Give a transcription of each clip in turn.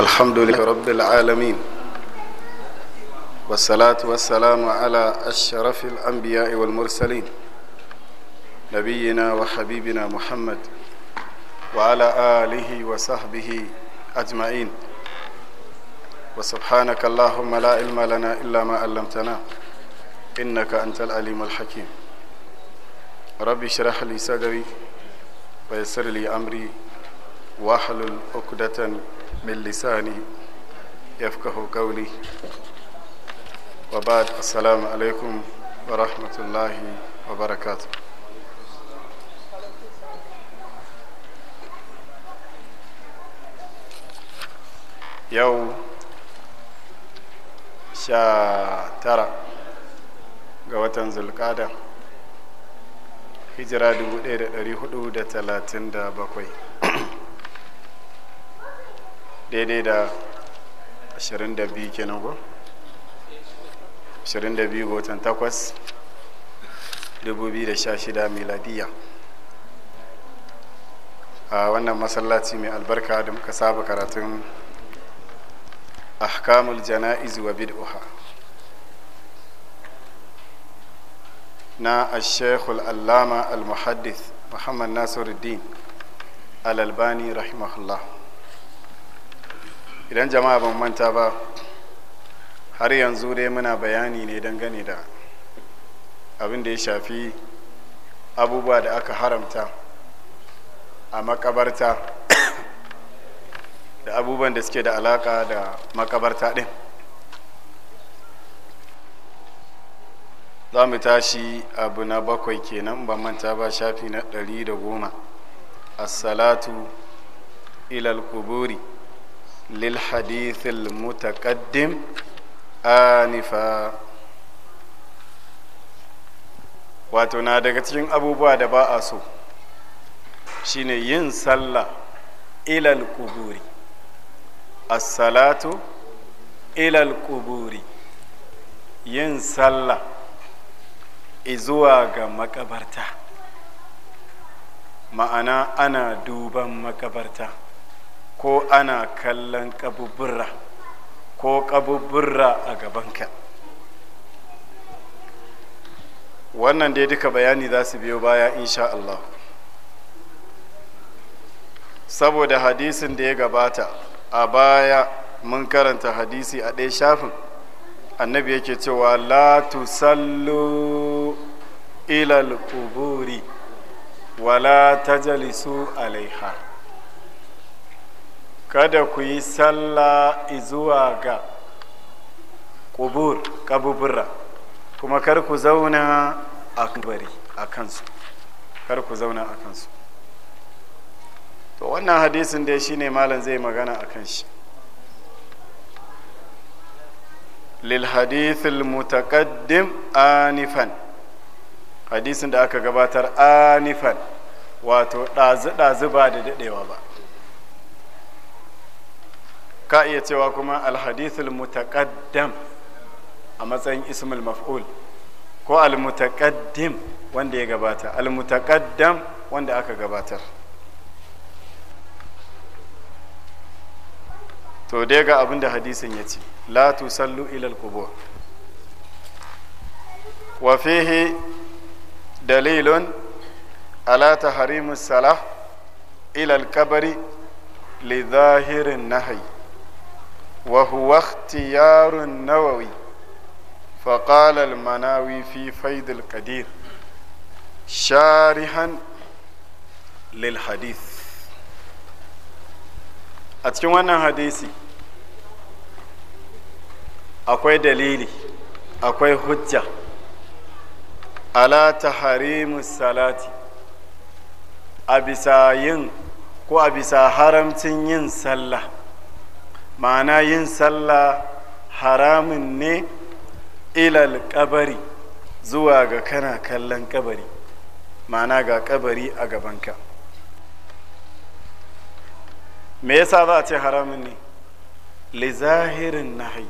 الحمد لله رب العالمين والصلاة والسلام على أشرف الأنبياء والمرسلين نبينا وحبيبنا محمد وعلى آله وصحبه أجمعين وسبحانك اللهم لا علم لنا إلا ما علمتنا إنك أنت العليم الحكيم ربي اشرح لي صدري ويسر لي أمري واحلل عقدة من لساني يفقه قولي وبعد السلام عليكم ورحمة الله وبركاته شا ترى yau sha tara ga watan zulkada hijira 1437 daidai da 22 kenan ko 22 ga watan 8 2016 miladiya a wannan masallaci mai albarka da muka saba karatun ahkamul jana'iz wa bid'uha na ashekul allama al-muhaddith muhammad nasiruddin al-albani rahimahullah idan jama'a ban manta ba har yanzu dai muna bayani ne dangane da abin da ya shafi abubuwa da aka haramta a makabarta da abubuwan da suke da alaka da makabarta ɗin za mu tashi abu na bakwai kenan ban manta ba shafi na ɗari da goma assalatu ilal kuburi للحديث المتقدم آنفا wato na daga cikin abubuwa da ba a so shine yin sallah ilal kuburi as-salatu ilal kuburi yin sallah izuwa ga makabarta ma'ana ana duban makabarta ko ana kallon kabubura ko kabubura a gabanka wannan dai duka bayani za su biyo baya insha Allah saboda hadisin da ya gabata a baya mun karanta hadisi a ɗaya shafin annabi yake cewa la tusallu ilal kuburi wala tajalisu alaiha kada ku yi sallah zuwa ga kubur kabubura kuma kar ku zauna a kubari a kansu kar ku zauna a kansu to wannan hadisin dai shine malam zai magana a kan shi lil hadithil mutaqaddim anifan hadisin da aka gabatar anifan wato ɗazu-ɗazu ba da daɗewa ba ka iya cewa kuma alhadithul mutaqaddam a matsayin ismul maf'ul ko almutaqaddim wanda ya gabata almutaqaddam wanda aka gabatar to dai ga abin da hadisin ya ce la tusallu ilal qubur wa fihi dalilun ala tahrimus salah ilal kabari li zahirin nahyi وهو اختيار النووي فقال المناوي في فيض القدير شارحا للحديث أتكلم عن حديثي akwai dalili akwai hujja ala taharimu salati a ko a bisa haramcin yin sallah ma'ana yin sallah haramun ne ilal kabari zuwa ga kana kallon kabari ma'ana ga kabari a gabanka me yasa za a ce haramun ne li zahirin nahi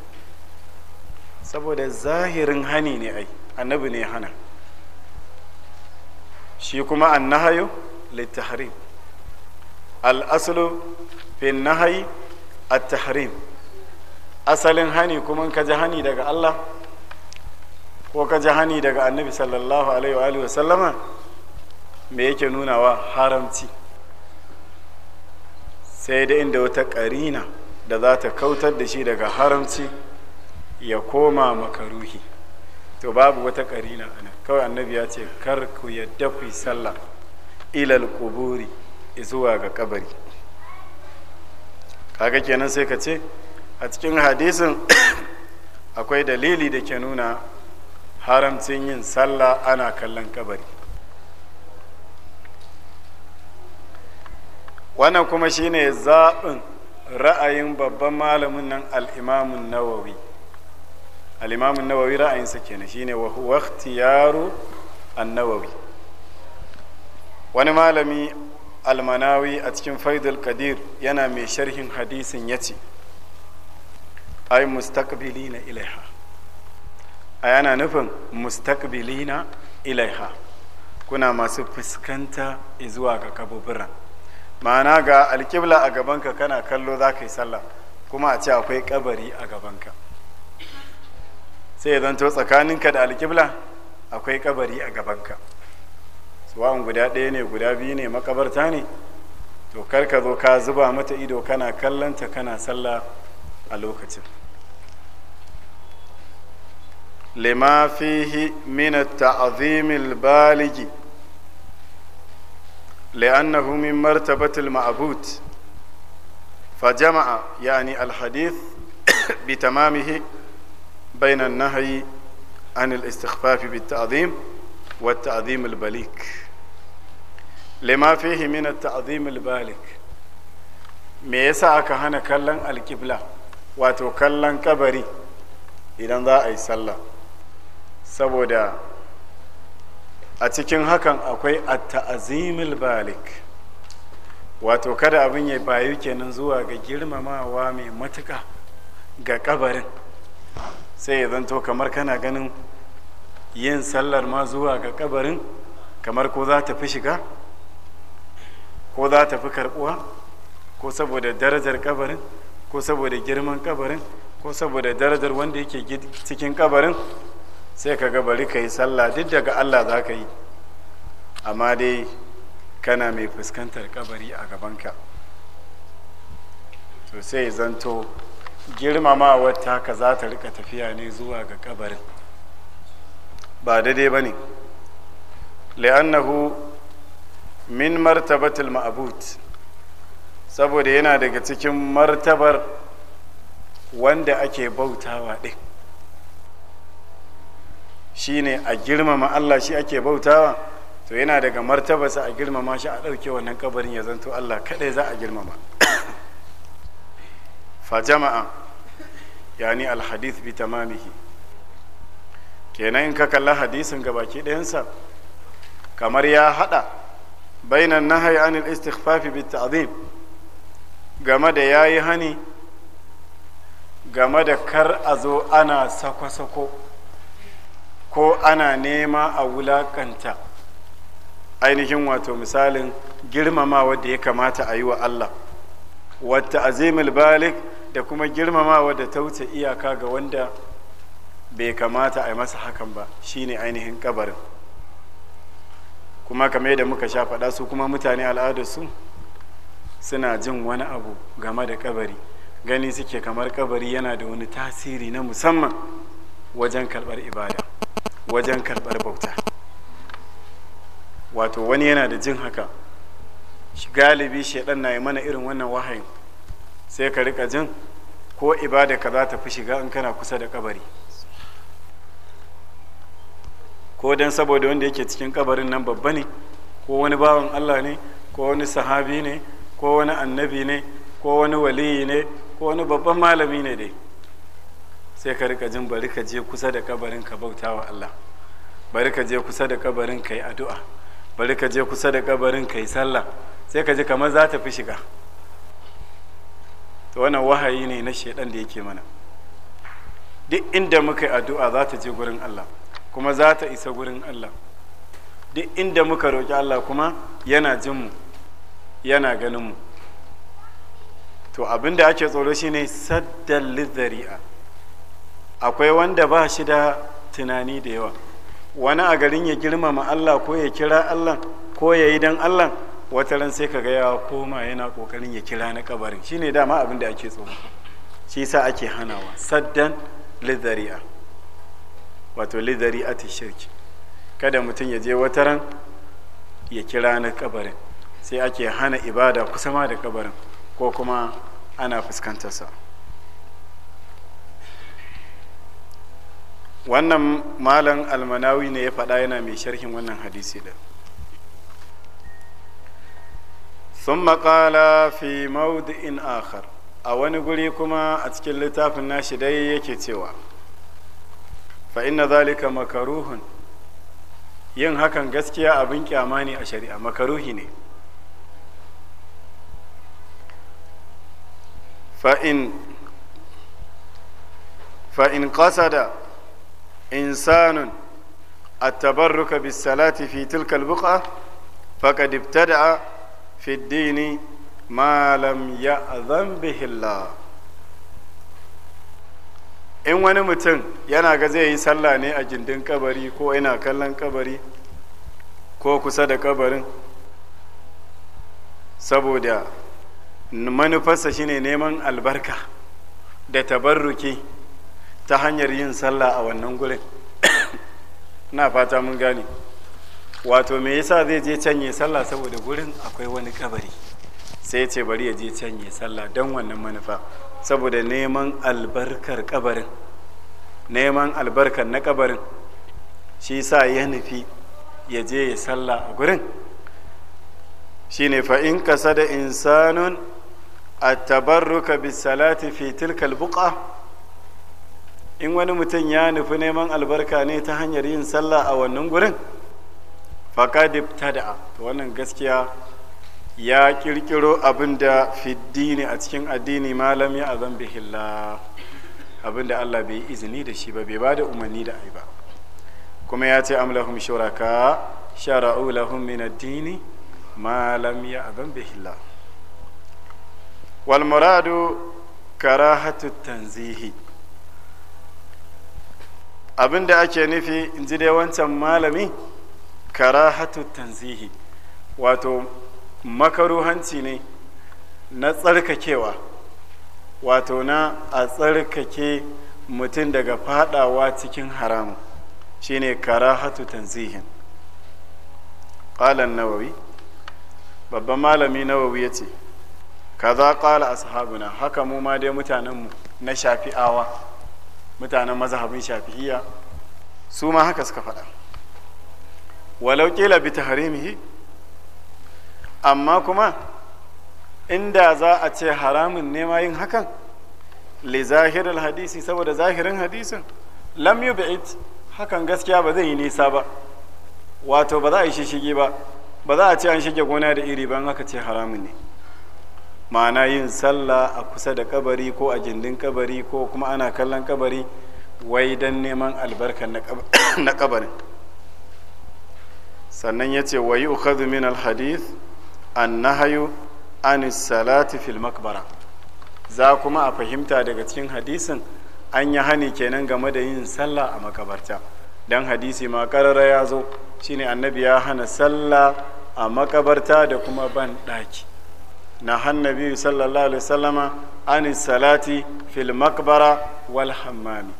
saboda zahirin hani ne ai annabi ne hana shi kuma annahayo littahrim al-aslu fi nahayi at-tahrim asalin hani kuma ka ji hani daga Allah ko ka ji hani daga annabi sallallahu alaihi wa alihi sallama me yake nunawa haramci sai da inda wata karina da za ta kautar da shi daga haramci ya koma makaruhi to babu wata karina anan kawai annabi ya ce kar ku yadda ku yi sallah ilal kuburi zuwa ga kabari kaga kenan sai ka ce a cikin hadisin akwai dalili da ke nuna haramcin yin sallah ana kallon kabari wannan kuma shine zaɓin ra'ayin babban malamin nan al'imamun nawawi al'imamun nawawi ra'ayinsa kenan shine wa yaro an nawawi wani malami almanawi a cikin faidul kadir yana mai sharhin hadisin ya ce ai na ilaiha a yana nufin na ilaiha kuna masu fuskanta zuwa ga kaburburan ma'ana ga alkibla a gabanka kana kallo za ka yi sallah kuma a ce akwai kabari a gabanka sai zanto tsakaninka da alkibla akwai kabari a gabanka sawa'un guda ɗaya ne guda biyu ne makabarta ne to kar ka zo ka zuba mata ido kana kallanta kana sallah a lokacin lima fihi min at-ta'zim al-baligh li'annahu min martabati al-ma'bud فجمع يعني الحديث بتمامه بين النهي عن الاستخفاف بالتعظيم والتعظيم البليك لما فيه من التعظيم البالك me yasa aka hana kallon alkibla wato kallon kabari idan za a yi sallah saboda a cikin hakan akwai at balik wato kada abin ya bayu kenan zuwa ga girmamawa mai matuka ga kabarin sai ya zanto kamar kana ganin yin sallar ma zuwa ga kabarin kamar ko za ta fi shiga ko za ta fi karbuwa ko saboda darajar kabarin ko saboda girman kabarin ko saboda darajar wanda yake cikin kabarin sai ka ga bari ka yi sallah duk daga allah za ka yi amma dai kana mai fuskantar kabari a gabanka to sai zanto girmamawar taka za ta rika tafiya ne zuwa ga kabarin ba daidai ba ne li'annahu min martabatul ma'abut saboda yana daga cikin martabar wanda ake bautawa ɗin shi ne a girmama Allah shi ake bautawa to yana daga martabarsa a girmama shi a ɗauke wannan kabarin ya zanto Allah kaɗai za a girmama fa jama'a yani alhadith bi tamamihi kenan in ka kalla hadisin ga baki ɗayansa kamar ya haɗa bainan nahyi anil istighfafi bi ta'zim game da yayi hani game da kar a zo ana sako-sako ko ana nema a wulakanta ainihin wato misalin girmamawa da ya kamata a yi wa Allah wata azimul balik da kuma girmamawa da ta wuce iyaka ga wanda bai kamata a yi masa hakan ba shine ainihin kabarin kuma kamar yadda muka sha faɗa su kuma mutane al'adarsu suna jin wani abu game da kabari gani suke kamar kabari yana da wani tasiri na musamman wajen karɓar ibada wajen karɓar bauta wato wani yana da jin haka galibi shaidan na yi mana irin wannan wahayin sai ka rika jin ko ibada ka za ta fi shiga in kana kusa da kabari ko dan saboda wanda yake cikin kabarin nan babba ne ko wani bawan Allah ne ko wani sahabi ne ko wani annabi ne ko wani waliyi ne ko wani babban malami ne dai sai ka rika jin bari ka je kusa da kabarin ka bauta wa Allah bari ka je kusa da kabarin ka yi addu'a bari ka je kusa da kabarin ka yi sallah sai ka ji kamar za ta fi shiga to wannan wahayi ne na shaidan da yake mana duk inda muka yi addu'a za ta je gurin Allah kuma za ta isa gurin Allah duk inda muka roƙi Allah kuma yana mu, yana ganinmu to abin da ake tsoro shine saddan lizari'a akwai wanda ba shi da tunani da yawa wani a garin ya girmama Allah ko ya kira Allah ko ya yi don Allah wata ran sai ka ga ya koma yana kokarin ya kira na kabarin shine dama abin da ake tsoro shi sa ake hanawa saddan lizari'a wato lidari ati shirki kada mutum ya je wata ran ya kira na kabarin sai ake hana ibada kusa ma da kabarin ko kuma ana fuskantarsa wannan malam almanawi ne ya faɗa yana mai sharhin wannan hadisi da sun maƙala fi maudu in akhar a wani guri kuma a cikin littafin nashi dai yake cewa فإن ذلك مكروه ين هكن غسكيا أبنك أماني أشريع مكروهني فإن فإن قصد إنسان التبرك بالصلاة في تلك البقعة فقد ابتدع في الدين ما لم يأذن به الله in wani mutum yana ga zai yi sallah ne a gindin kabari ko ina kallon kabari ko kusa da kabarin saboda manufarsa shine neman albarka da tabarruki ta hanyar yin sallah a wannan gurin na fata mun gane wato me yasa zai je canye sallah saboda gurin akwai wani kabari sai ce bari ya je canye sallah don wannan manufa saboda neman albarkar kabarin neman albarkar na kabarin shi sa ya nufi ya je ya salla a gurin shi ne fa'in kasa da insanun a tabarruka bisalati fitil kalbuka in wani mutum ya nufi neman albarka ne ta hanyar yin sallah a wannan gurin faƙadib ta da wannan gaskiya ya kirkiro abin da fiddini a cikin addini malam ya azan bihilla abin da Allah bai izini da shi ba bai ba da umarni da ai ba kuma ya ce amlahum shuraka shara'u lahum min addini malam ya azan bihilla wal muradu karahatu tanzihi abin da ake nufi in ji dai wancan malami karahatu tanzihi wato makaruhanci ne na tsarkakewa wato na a tsarkake mutum daga fadawa cikin haramu shine karahatu tanzihin ƙalan nawawi babban malami nawawi ya ce kaza ƙala ashabuna haka mu ma dai mutanenmu na shafi'awa mutanen mazhabin shafi'iyya su ma haka suka faɗa walau ƙila bi tahrimihi amma kuma inda za a ce haramun nema yin hakan li zahirar hadisi saboda zahirin hadisin lam yub'id hakan gaskiya ba zai yi nisa ba wato ba za a yi shishigi ba ba za a ce an shige gona da iri ban haka ce haramun ne ma'ana yin sallah a kusa da kabari ko a jindin kabari ko kuma ana kallon kabari wai don neman albarka na kabarin sannan ya ce wayi yi min alhadith annahayu anis salati fil makbara za kuma a fahimta daga cikin hadisin an yi hani kenan game da yin sallah a makabarta don hadisi ma karara ya zo shine annabi ya hana sallah a makabarta da kuma ban ɗaki na hannabi sallallahu alaihi wasallama anis salati fil makbara wal hammami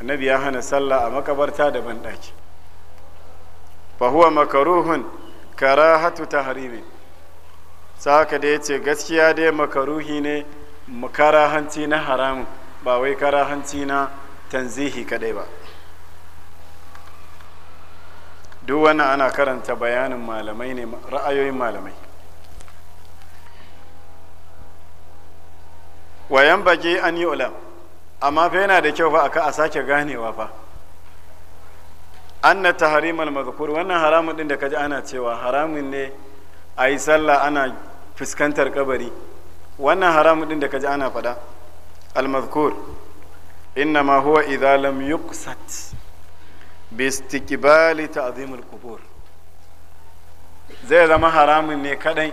annabi ya hana sallah a makabarta da ban ɗaki fa huwa makaruhun karahatu tahrimin saka da ya ce gaskiya dai makaruhi ne karahanci na haram ba wai karahanci na tanzihi kadai ba duk wannan ana karanta bayanin malamai ne ra'ayoyin malamai wayan bage an yi ulam amma fa yana da kyau fa aka a sake ganewa fa anna tahrimal mazkur wannan haramun din da kaji ana cewa haramun ne a yi sallah ana fuskantar kabari wannan haramun din da kaji ana faɗa almazkur innama huwa idza lam yuqsat bi istiqbali ta'zimul qubur zai zama haramun ne kadai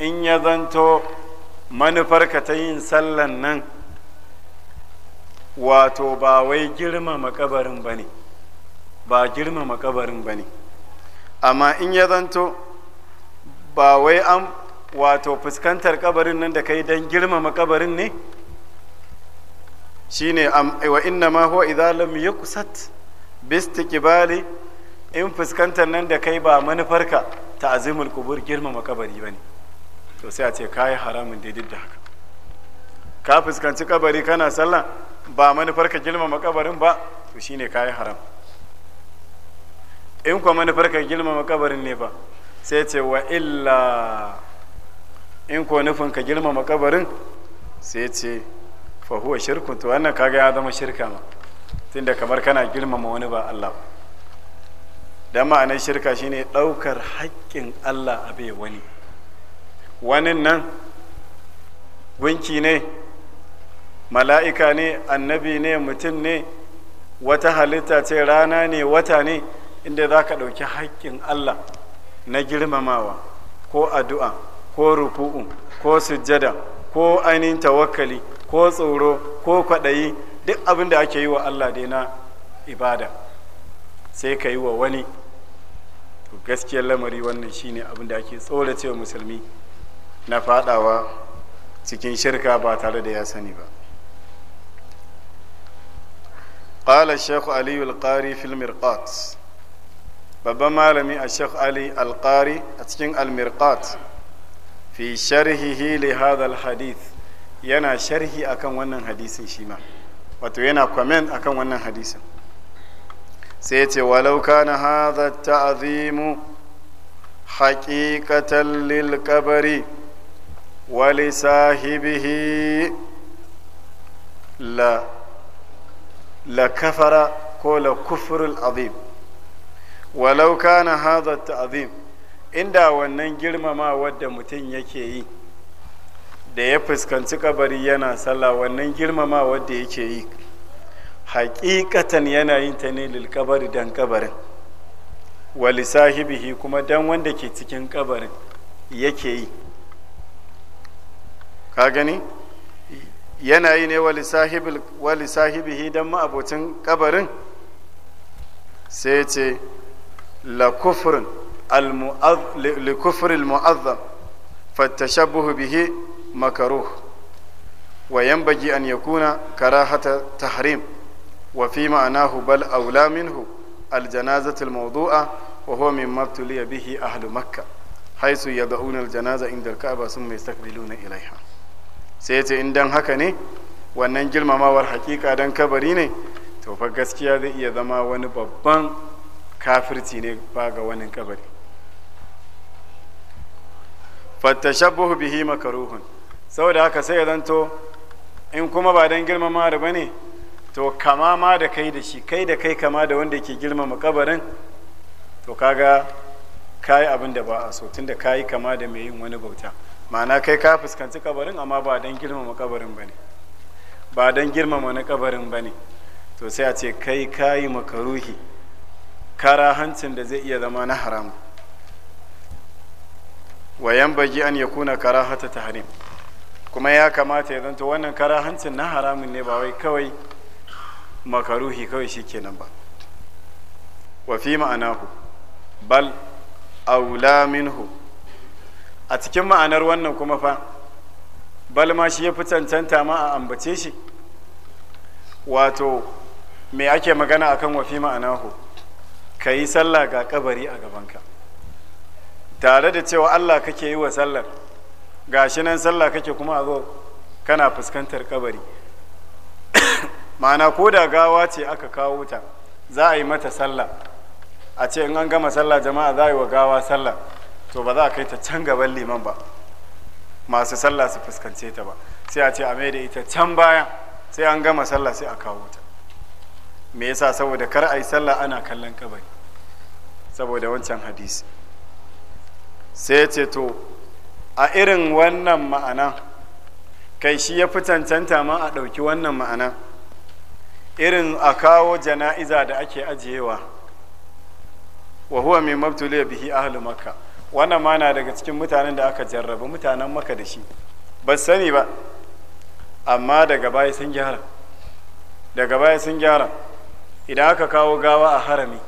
in ya zanto manufarka ta yin sallan nan wato ba wai girmama kabarin ba ne ba girmama kabarin ba ne amma in ya zanto ba wai an wato fuskantar kabarin nan da kai don girmama kabarin ne shine wa inna ma huwa idza lam yuqsat bistiqbali in fuskantar nan da kai ba manufarka ta azimul kubur girmama kabari bane to sai a ce kai haramun daidai da haka ka fuskanci kabari kana sallah ba manufarka girmama kabarin ba to shine kai haram in kuma manufarka girmama kabarin ne ba sai ce wa illa in ko nufin ka girmama kabarin sai ce fa huwa shirkun to wannan kaga ya zama shirka ma tunda kamar kana girmama wani ba Allah ba dan ma'anar shirka shine ɗaukar haƙƙin Allah a bai wani wani nan gunki ne mala'ika ne annabi ne mutum ne wata halitta ce rana ne wata ne inda za ka ɗauki haƙƙin Allah na girmamawa ko addu'a ko ruku'u ko sujjada ko ainihin tawakkali ko tsoro ko kwaɗayi duk abin da ake yi wa Allah dai na ibada sai ka yi wa wani gaskiyar lamari wannan shine abin da ake tsoracewa musulmi na fadawa cikin shirka ba tare da ya sani ba قال الشيخ علي القاري في المرقات babban malami a sheikh ali alƙari a cikin almirqat fi sharhihi li hadal hadith yana sharhi akan wannan hadisin shi ma wato yana comment akan wannan hadisin sai ce walau kana hadha ta'zimu haqiqatan lil qabri wa li sahibihi la la kafara ko la kufrul azim walau kana hadha ta'zim inda wannan girmama wadda mutum yake yi da ya fuskanci kabari yana sallah wannan girmama wadda yake yi hakikatan yana yin ta ne lil kabari dan kabarin wali sahibihi kuma dan wanda ke cikin kabarin yake yi ka gani yana yi ne wali sahibihi dan ma'abocin kabarin sai ce la kufrin li kufri al-mu'azzam fattashabbuhu bihi makaruh wa yanbaghi an yakuna karahata tahrim wa fi ma'anahu bal awla minhu al-janazatu al-mawdu'a wa huwa mimma tuliya bihi ahlu makkah haisu ya da'una aljanaza inda ka'aba sun mai sakbiluna ilaiha sai ya ce in dan haka ne wannan girmamawar hakika dan kabari ne to fa gaskiya zai iya zama wani babban kafirci ne ba ga wani kabari fattashabbuhu bihi makaruhun saboda haka sai ya zanto in kuma ba don girmama da bane to kama ma da kai da shi kai da kai kama da wanda yake girmama kabarin to kaga kayi abin da ba a so tunda kayi kama da mai yin wani bauta ma'ana kai ka fuskanci kabarin amma ba don girmama kabarin bane ba don girmama na kabarin bane to sai a ce kai kayi makaruhi karahancin da zai iya zama na haram wa baji an yakuna karahata harim kuma ya kamata ya zanto wannan karahancin na haramun ne ba wai kawai makaruhi kawai kenan ba wa fi ma'anahu bal aula minhu a cikin ma'anar wannan kuma fa bal ma shi ya fi cancanta ma a ambace shi wato me ake magana akan wa fi ma'anahu ka yi sallah ga kabari a gabanka tare da cewa allah kake yi wa sallar gashi nan sallah kake kuma a zo kana fuskantar kabari ma'ana ko da gawa ce aka kawo ta za a yi mata sallah a ce in an gama sallah jama'a za a yi wa gawa sallah to ba za a kai ta can gaban liman ba masu sallah su fuskance ta ba sai a ce a mai da ita can baya sai an gama sallah sai a kawo ta me yasa saboda kar a yi sallah ana kallon kabari saboda wancan hadisi sai ce to a irin wannan ma'ana kai shi ya fi cancanta ma a ɗauki wannan ma'ana irin a kawo jana'iza da ake ajiyewa wa huwa mai mabtuliya bihi ahalu makka wannan ma na daga cikin mutanen da aka jarraba mutanen maka da shi ba sani ba amma daga baya sun gyara idan aka kawo gawa a harami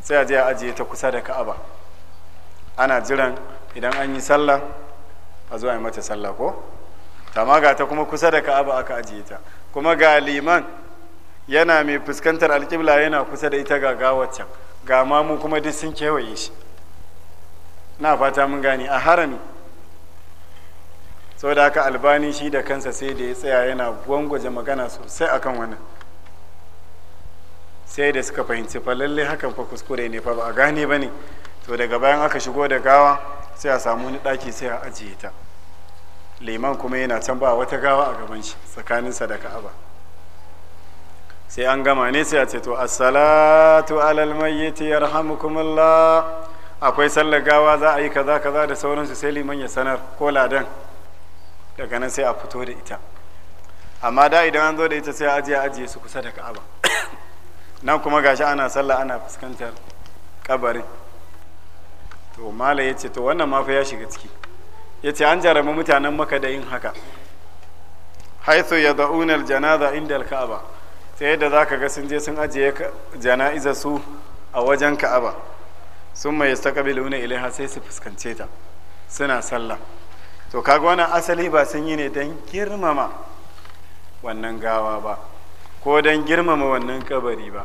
sai a je a ajiye ta kusa da ka'aba ana jiran idan an yi sallah a zuwa yi mata sallah ko ma ga ta kuma kusa da ka'aba aka ajiye ta kuma ga liman yana mai fuskantar alƙibla yana kusa da ita ga gawaccan ga mamu kuma duk sun kewaye shi na fata mun gane a harami saboda haka albani shi da kansa sai da ya tsaya yana gwangwaje magana sosai akan wannan sai da suka fahimci fa lalle hakan fa kuskure ne fa ba a gane ba ne to daga bayan aka shigo da gawa sai a samu wani ɗaki sai a ajiye ta liman kuma yana can ba wata gawa a gaban shi tsakaninsa da ka'aba sai an gama ne sai a ce to assalatu alal mayyiti yarhamukumullah akwai sallar gawa za a yi kaza kaza da sauransu sai liman ya sanar ko ladan daga nan sai a fito da ita amma da idan an zo da ita sai a ajiye ajiye su kusa da ka'aba na kuma gashi ana sallah ana fuskantar kabarin to mala ya ce to wannan mafi ya shiga ciki ya ce an jarama mutanen maka da yin haka haithu ya zaunar janaza inda alka'aba ta yadda za ka ga sun je sun ajiye jana'iza su a wajen ka'aba sun mai ta ilai ilaiha sai su fuskance ta suna sallah to kaga wannan asali ba sun yi ne don girmama wannan gawa ba ko don girmama wannan kabari ba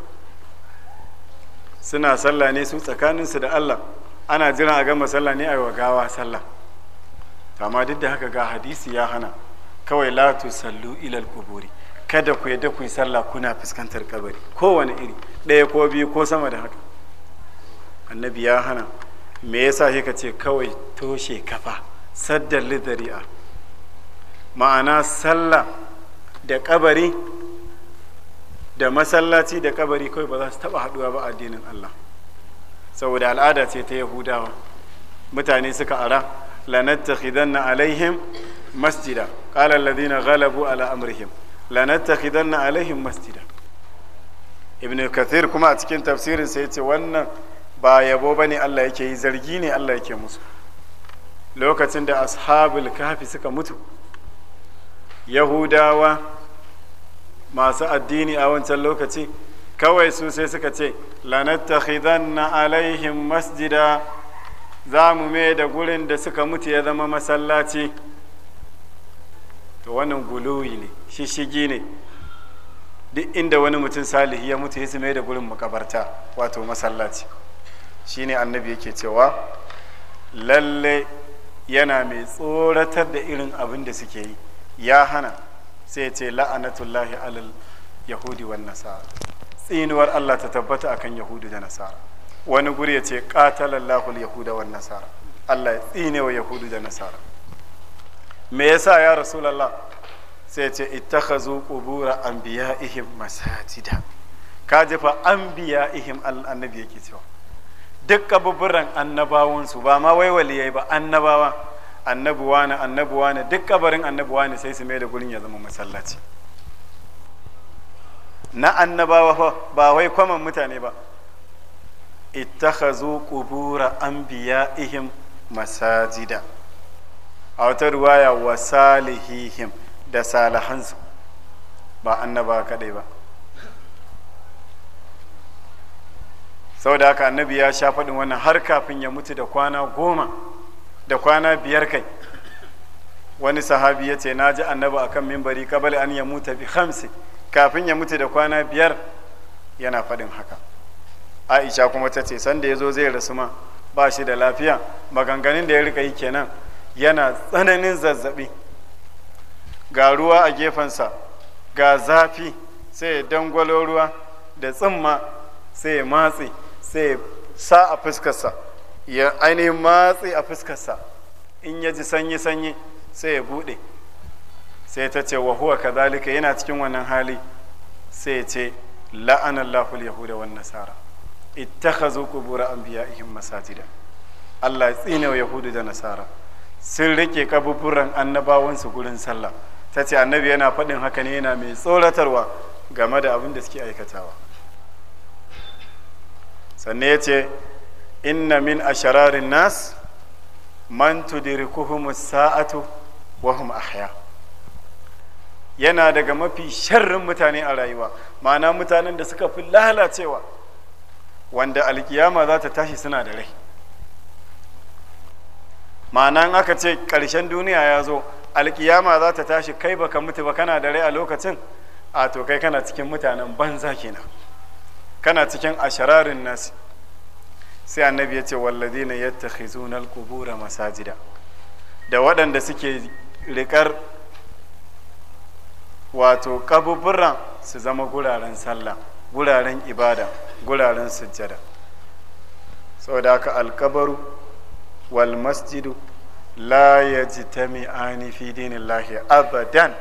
suna sallah ne su tsakaninsu da allah ana jiran a gama sallah ne a wa gawa sallah amma duk da haka ga hadisi ya hana kawai latu sallu ilal kuburi kada ku yadda ku yi sallah kuna fuskantar kabari kowane iri ɗaya ko biyu ko sama da haka annabi ya hana me yasa sa ce kawai toshe kafa saddar lidari'a ma'ana sallah da kabari da masallaci da kabari kawai ba za su taba haduwa ba addinin Allah saboda al'ada ce ta yahudawa mutane suka ara lanattakhidanna alaihim masjida qala alladhina ghalabu ala amrihim lanattakhidanna alaihim masjida ibn kathir kuma a cikin tafsirin sa yace wannan ba yabo bane Allah yake yi zargi ne Allah yake musu lokacin da ashabul kahfi suka mutu yahudawa masu addini a wancan lokaci kawai su sai suka ce na alaihin masjida za mu mai da gurin da suka mutu ya zama masallaci to wannan guluwi ne shishigi ne duk inda wani mutum salihi ya mutu ya mai da gurin makabarta wato masallaci shine annabi yake cewa lalle yana mai tsoratar da irin abin da suke yi ya hana sai ce la'anatullahi alal yahudi wan nasara tsinuwar Allah ta tabbata akan yahudi da nasara wani guri ya ce qatalallahu al yahuda wan nasara Allah ya tsine wa yahudi da nasara me yasa ya rasulullah sai ce ittakhazu qubura anbiya'ihim masajida ka jefa anbiya'ihim al annabi yake cewa duk kaburburan annabawansu ba ma wai waliyai ba annabawa annabuwa na annabuwa ne duk kabarin annabuwa ne sai su mai da gurin ya zama masallaci na annabawa ba wai kwaman mutane ba ittakhazu qubura anbiya'ihim masajida a wata ruwaya wa salihihim da salahansu ba annaba kadai ba saboda haka annabi ya sha faɗin wannan har kafin ya mutu da kwana goma da kwana biyar kai wani sahabi ya ce na ji annabi a kan mimbari kabali an ya mutu bi hamsi kafin ya mutu da kwana biyar yana faɗin haka aisha kuma ta ce sanda ya zo zai rasu ma ba shi da lafiya maganganun da ya rika yi kenan yana tsananin zazzabi ga ruwa a gefensa ga zafi sai ya dangwalo ruwa da tsimma sai ya matse sai sa a fuskarsa ya ainihin matsi a fuskarsa in ya ji sanyi-sanyi sai ya buɗe sai ta ce wa huwa yana cikin wannan hali sai ce la'anallahu al-yahuda wan nasara ittakhazu qubur anbiya'ihim masajida Allah ya tsine wa yahudu da nasara sun rike kaburburan annabawansu gurin sallah ta ce annabi yana faɗin haka ne yana mai tsoratarwa game da abin da suke aikatawa sannan ya ce inna min ashararin nas man tudrikuhum sa'atu wa hum ahya yana daga mafi sharrin mutane a rayuwa ma'ana mutanen da suka fi lalacewa wanda alkiyama za ta tashi suna da rai ma'ana aka ce ƙarshen duniya ya zo alkiyama za ta tashi kai baka mutu ba kana da rai a lokacin a to kai kana cikin mutanen banza kenan kana cikin ashararin nasi sai annabi ya ce na wallazina yattakhizuna al kubura masajida da waɗanda suke rikar wato kaburburan su zama guraren sallah guraren ibada guraren sujjada saboda haka alkabaru wal masjidu la yajtami'ani fi dinillahi abadan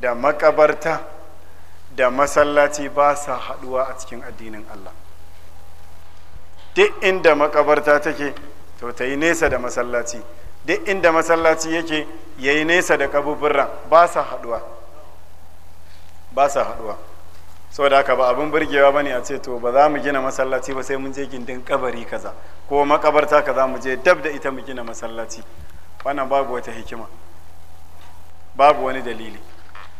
da makabarta da masallaci ba sa haɗuwa a cikin addinin Allah duk inda makabarta take to ta yi nesa da masallaci duk inda masallaci yake ya yi nesa da kabuburran ba sa haduwa ba sa haduwa da haka ba abin burgewa bane a ce to ba za mu gina masallaci ba sai mun je gindin kabari kaza ko makabarta kaza mu je dab da ita mu gina masallaci wannan babu wata hikima babu wani dalili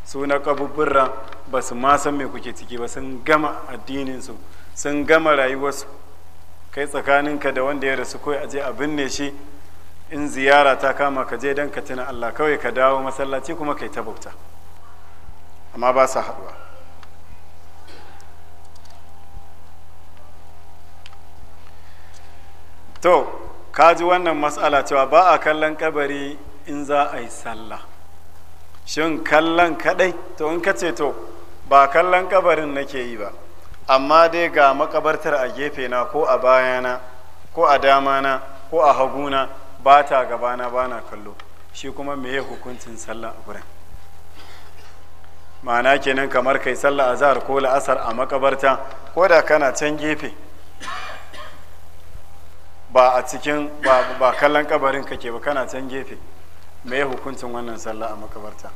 su na kabuburra ba su ma san me kuke ciki ba sun gama addinin su sun gama rayuwarsu kai tsakaninka da wanda ya rasu kawai aje a binne shi in ziyara ta kama ka je don ka tuna Allah kawai ka dawo masallaci kuma kai ta bauta amma ba sa haɗuwa to ka ji wannan matsala cewa ba a kallon kabari in za a yi sallah shin kallon kaɗai to in ka ce to ba kallon kabarin nake yi ba amma dai ga makabartar a gefe na ko a bayana ko a damana ko a haguna ba ta gabana ba na kallo shi kuma meye hukuncin sallah a gurin ma'ana kenan kamar kai sallah azhar ko la'asar a makabarta ko da kana can gefe ba a cikin ba kallon kabarin kake ba kana can gefe me hukuncin wannan sallah a makabarta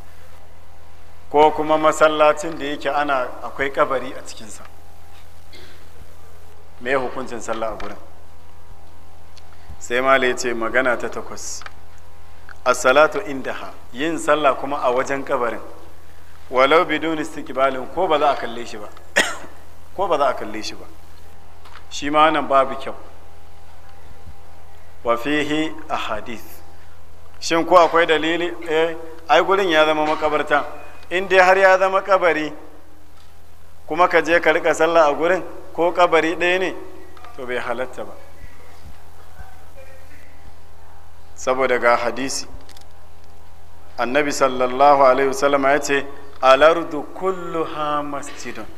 ko kuma masallacin da yake ana akwai kabari a cikinsa me hukuncin sallah a gurin sai mala ya ce magana ta takwas a salatu indaha yin sallah kuma a wajen kabarin walau bidon istikibalin ko ba za a kalle shi ba ko ba za a kalle shi ba shi ma nan babu kyau wa fihi hadith shin ko akwai dalili eh ai gurin ya zama makabarta in dai har ya zama kabari kuma ka je ka rika sallah a gurin ko kabari ɗaya ne to bai halatta ba saboda ga hadisi annabi sallallahu alaihi wasallama ya ce al'ardu ha masjidun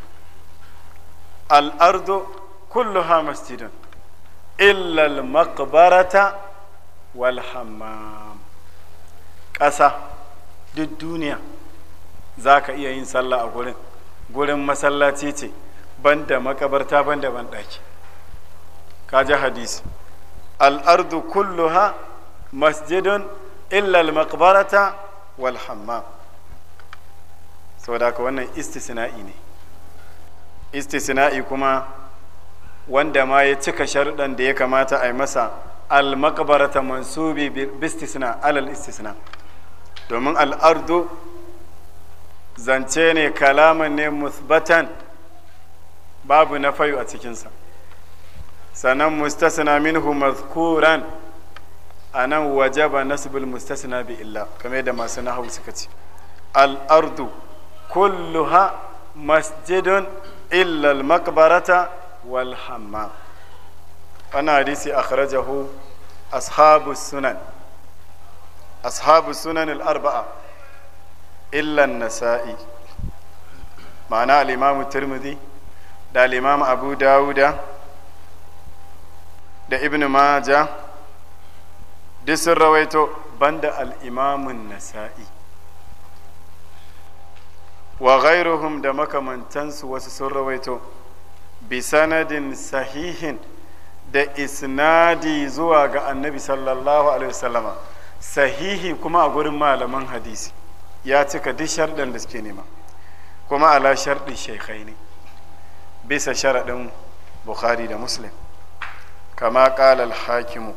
al'ardu ha masjidun illal maqbarata wal hammam ƙasa duk duniya za ka iya yin sallah a gurin gurin masallaci ce banda makabarta banda banɗaki kaji hadisi al'ardu kulluha masjidun illal maqbarata wal hammam saboda ka wannan istisna'i ne istisna'i kuma wanda ma ya cika sharɗan da ya kamata a yi masa al maqbarata mansubi bistisna alal istisna domin al'ardu zance ne kalaman ne musbatan babu na fayu a cikinsa sannan mustasna minhu mazkuran a nan wajaba nasibul mustasina bi illa kamar yadda masu nahawu suka ce al'ardu kulluha masjidun illa al-maqbarata wal hamma. wannan hadisi akhrajahu ashabu sunan ashabu sunan al-arba'a Illan an-nasa'i ma'ana al-imam tirmidhi da limam abu dawuda da ibn maja duk sun rawaito banda al'imamun nasa'i wa ghairuhum da makamantansu wasu sun rawaito bi sanadin sahihin da isnadi zuwa ga annabi sallallahu alaihi wasallama sahihi kuma a gurin malaman hadisi ya cika duk sharɗan da suke nema kuma ala sharɗin shekai ne bisa sharaɗin bukhari da muslim kama ƙalal hakimu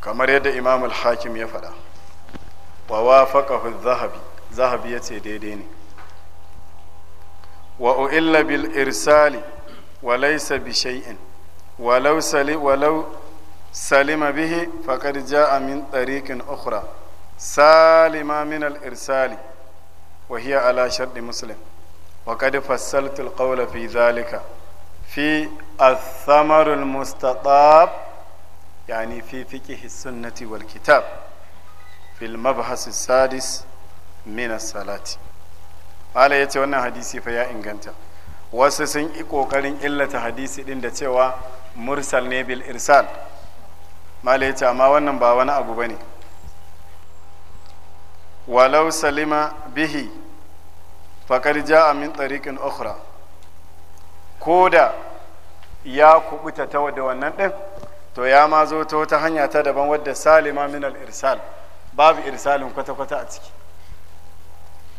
kamar yadda imam hakim ya faɗa wa wafaƙahu zahabi zahabi ya ce daidai ne wa illa bil irsali wa laysa bi shay'in walau sali salima bihi faqad jaa min tariqin ukhra salima min al irsali wa hiya ala sharti muslim وقد فصلت القول في ذلك في الثمر المستطاب يعني في فقه السنة والكتاب في المبحث السادس من الصلاة قال يتي wannan hadisi fa ya inganta wasu sun ƙoƙarin illata hadisi ɗin da cewa mursal ne bil irsal mala yace amma wannan ba wani abu bane walau salima bihi faƙar ja'a min tsariƙin ukhra ko da ya kubuta ta da wannan ɗin to ya ma zo ta wata hanya ta daban wadda salima min al-irsal babu irsalin kwata-kwata a ciki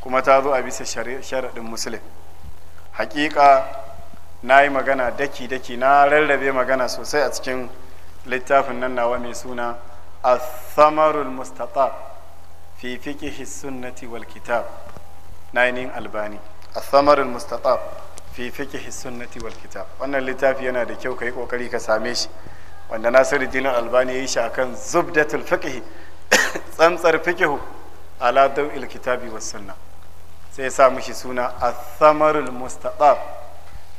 kuma ta zo a bisa sharaɗin musulun hakika na yi magana daki-daki na rarrabe magana sosai a cikin littafin nan nawa mai suna a samarul Mustapha fi fiƙihi sunnati wal kitab Nanin albani a samarin mustapha fi fiqh sunnati wal kitab wannan littafi yana da kyau yi kokari ka same shi wanda nasiru dinin albani ya yi shi kan zubdatul fiqh tsantsar fiqh ala dawil kitabi was sunna sai sa mushi suna athamarul mustatab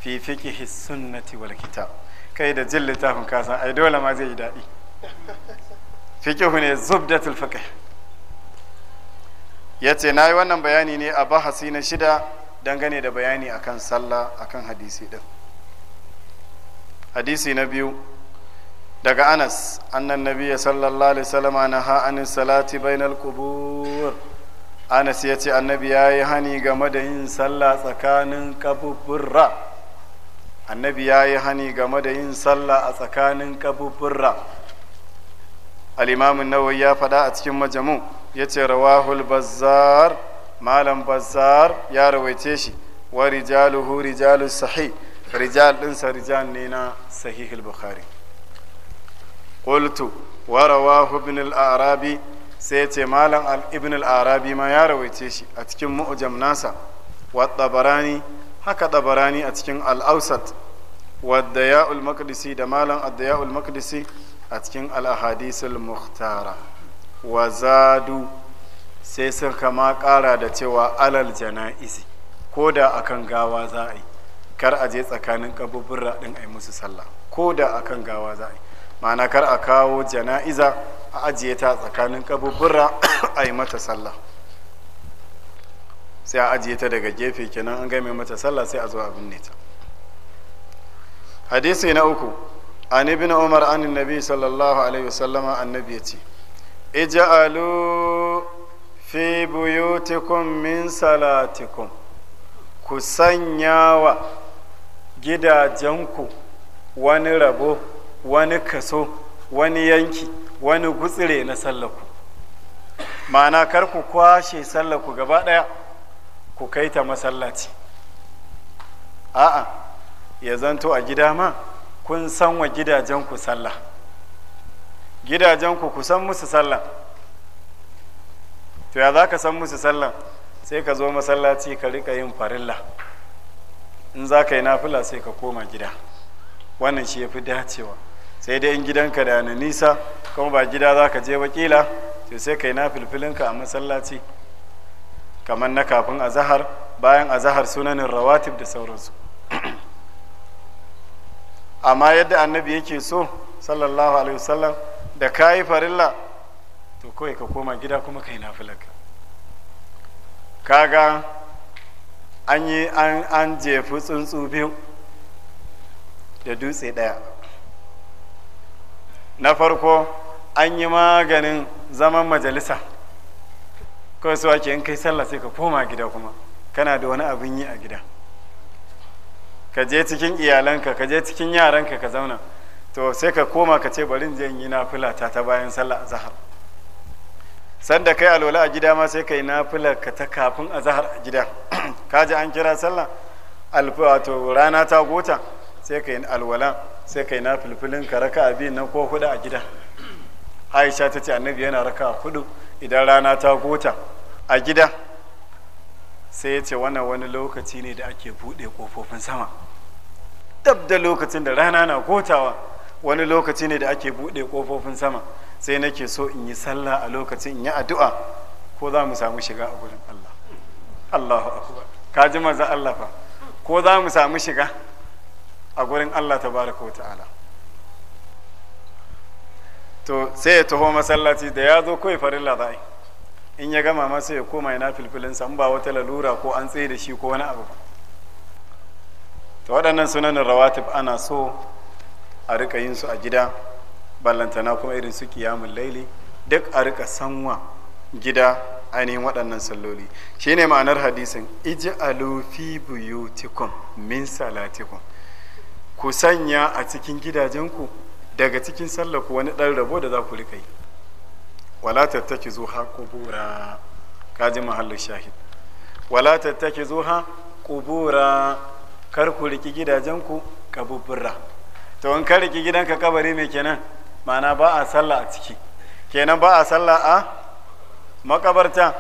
fi fiqh sunnati wal kitab kai da jin littafin kasan ai dole ma zai yi daɗi fiqh ne zubdatul fiqh ya ce na yi wannan bayani ne a bahasi na shida dangane da bayani akan sallah akan hadisi din hadisi na biyu daga anas annan nabiya sallallahu alaihi salama na ha'anin salati bainal qubur anas ya ce annabi ya yi hani game da yin sallah tsakanin kabuburra annabi ya yi hani game da yin sallah a tsakanin kabuburra al-imamun nawawi ya faɗa a cikin majamu' ya ce rawahul bazzar malam bazar ya rawaice shi wa rijaluhu rijalu sahih rijal ɗinsa rijal ne na sahihul bukhari qultu wa rawahu ibn al-arabi sai ya ce malam ibn al-arabi ma ya rawaice shi a cikin mu'jam nasa wa tabarani haka tabarani a cikin al-awsat wa daya'ul maqdisi da malam ad-daya'ul maqdisi a cikin al-ahadith wa zadu sai sun kama kara da cewa alal jana'izi ko da akan gawa za a yi kar a je tsakanin kaburbura raɗin a yi musu sallah ko da akan gawa za a yi ma'ana kar a kawo jana'iza a ajiye ta tsakanin kaburbura a yi mata sallah sai a ajiye ta daga gefe kenan an game mata sallah sai a zo a binne ta hadisi na uku an ibn umar an nabi sallallahu alaihi wasallama annabi ya ce ij'alu fi buyutikum min salatikum ku sanya wa gidajenku wani rabo wani kaso wani yanki wani gutsire na sallaku ma'ana kar ku kwashe sallaku gaba ɗaya ku kai ta masallaci a'a ya zanto a gida ma kun san wa gidajenku sallah gidajenku ku san musu sallah to ya za ka san musu sallah sai ka zo masallaci ka rika yin farilla in za ka yi nafila sai ka koma gida wannan shi ya fi dacewa sai dai in gidanka da na nisa kuma ba gida za ka je wakila to sai ka yi nafilfilinka a masallaci kamar na kafin azahar bayan azahar sunanin rawatib da sauransu amma yadda annabi yake so sallallahu alaihi wasallam da ka yi farilla to kawai ka koma gida kuma ka yi nafilarka kaga an yi an jefi tsuntsu biyu da dutse daya na farko an yi maganin zaman majalisa kawai su ake in kai sallah sai ka koma gida kuma kana da wani abin yi a gida ka je cikin iyalanka ka je cikin yaranka ka zauna to sai ka koma ka ce barin je yi nafila ta ta bayan sallah azhar sanda kai alwala a gida ma sai kai nafila ka ta kafin azhar a gida ka ji an kira sallah to rana ta gota sai kai alwala sai kai nafilfilin ka raka biyu nan ko hudu a gida aisha ta ce annabi yana raka hudu idan rana ta gota a gida sai ya ce wannan wani lokaci ne da ake buɗe kofofin sama dab da lokacin da rana na gotawa wani lokaci ne da ake buɗe ƙofofin sama sai nake so in yi sallah a lokacin in yi addu'a ko za mu samu shiga a gurin Allah Allahu akbar ka ji maza Allah fa ko za mu samu shiga a gurin Allah tabaraka ta'ala to sai ya taho masallaci da ya zo kawai farilla za in ya gama ma sai ya koma yana filfilinsa in ba wata lalura ko an tsaye da shi ko wani abu ba to waɗannan sunanin rawatib ana so a rika yin su a gida ballantana kuma irin su kiyamun laili duk a rika sanwa gida ainihin waɗannan salloli shine ma'anar hadisin iji fi buyutikum min salatikum ku sanya a cikin gidajenku daga cikin sallaku wani ɗan rabo da za ku rika yi wala tattaki zuha kubura kaji mahallin shahid wala tattaki zuha kubura kar ku riki gidajenku bubura. to in ka riki gidanka kabari mai kenan ma'ana ba a sallah a ciki kenan ba a sallah a makabarta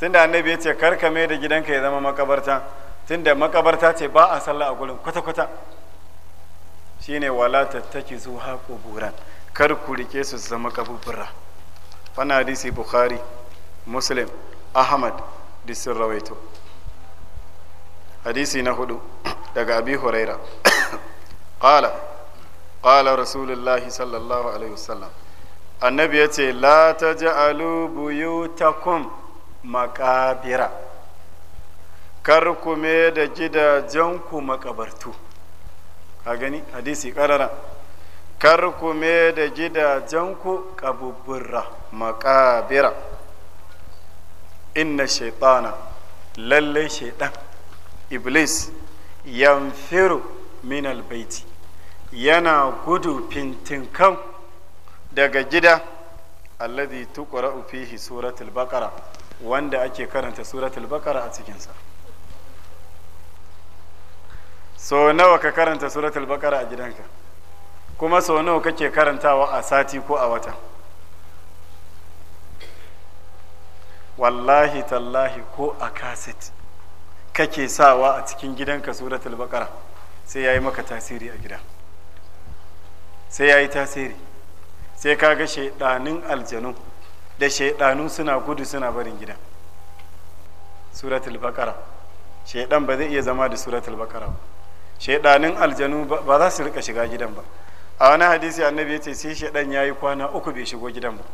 tunda annabi ya ce kar ka mai da gidanka ya zama makabarta tunda makabarta ce ba a sallah a gurin kwata-kwata shine wala tattaki ha kuburan kar ku rike su zama kaburbura wannan hadisi bukhari muslim ahmad sun rawaito hadisi na hudu daga abi huraira qala qala rasulullahi sallallahu alaihi wasallam annabi ya ce la ta ja'alu buyutakum makabira kar ku me da gidajenku makabartu ka hadisi karara kar me da gidajenku kabuburra makabira inna shaitana lallai shaitan iblis yamfiru min albaiti yana gudu fintin kan daga gida alladhi tuqra'u fihi suratul baqara wanda ake karanta suratul baqara a cikinsa so nawa ka karanta suratul baqara a gidanka kuma so nawa kake karantawa a sati ko a wata wallahi tallahi ko a kaset kake sawa a cikin gidanka suratul baqara sai yayi maka tasiri a gida sai ya yi tasiri sai kaga shaidanin aljanu da shaidanu suna gudu suna barin gida suratul baqara shaidan ba zai iya zama da suratul baqara ba shaidanin aljanu ba za su rika shiga gidan ba a wani hadisi annabi ya ce sai shaidan ya yi kwana uku bai shigo gidan ba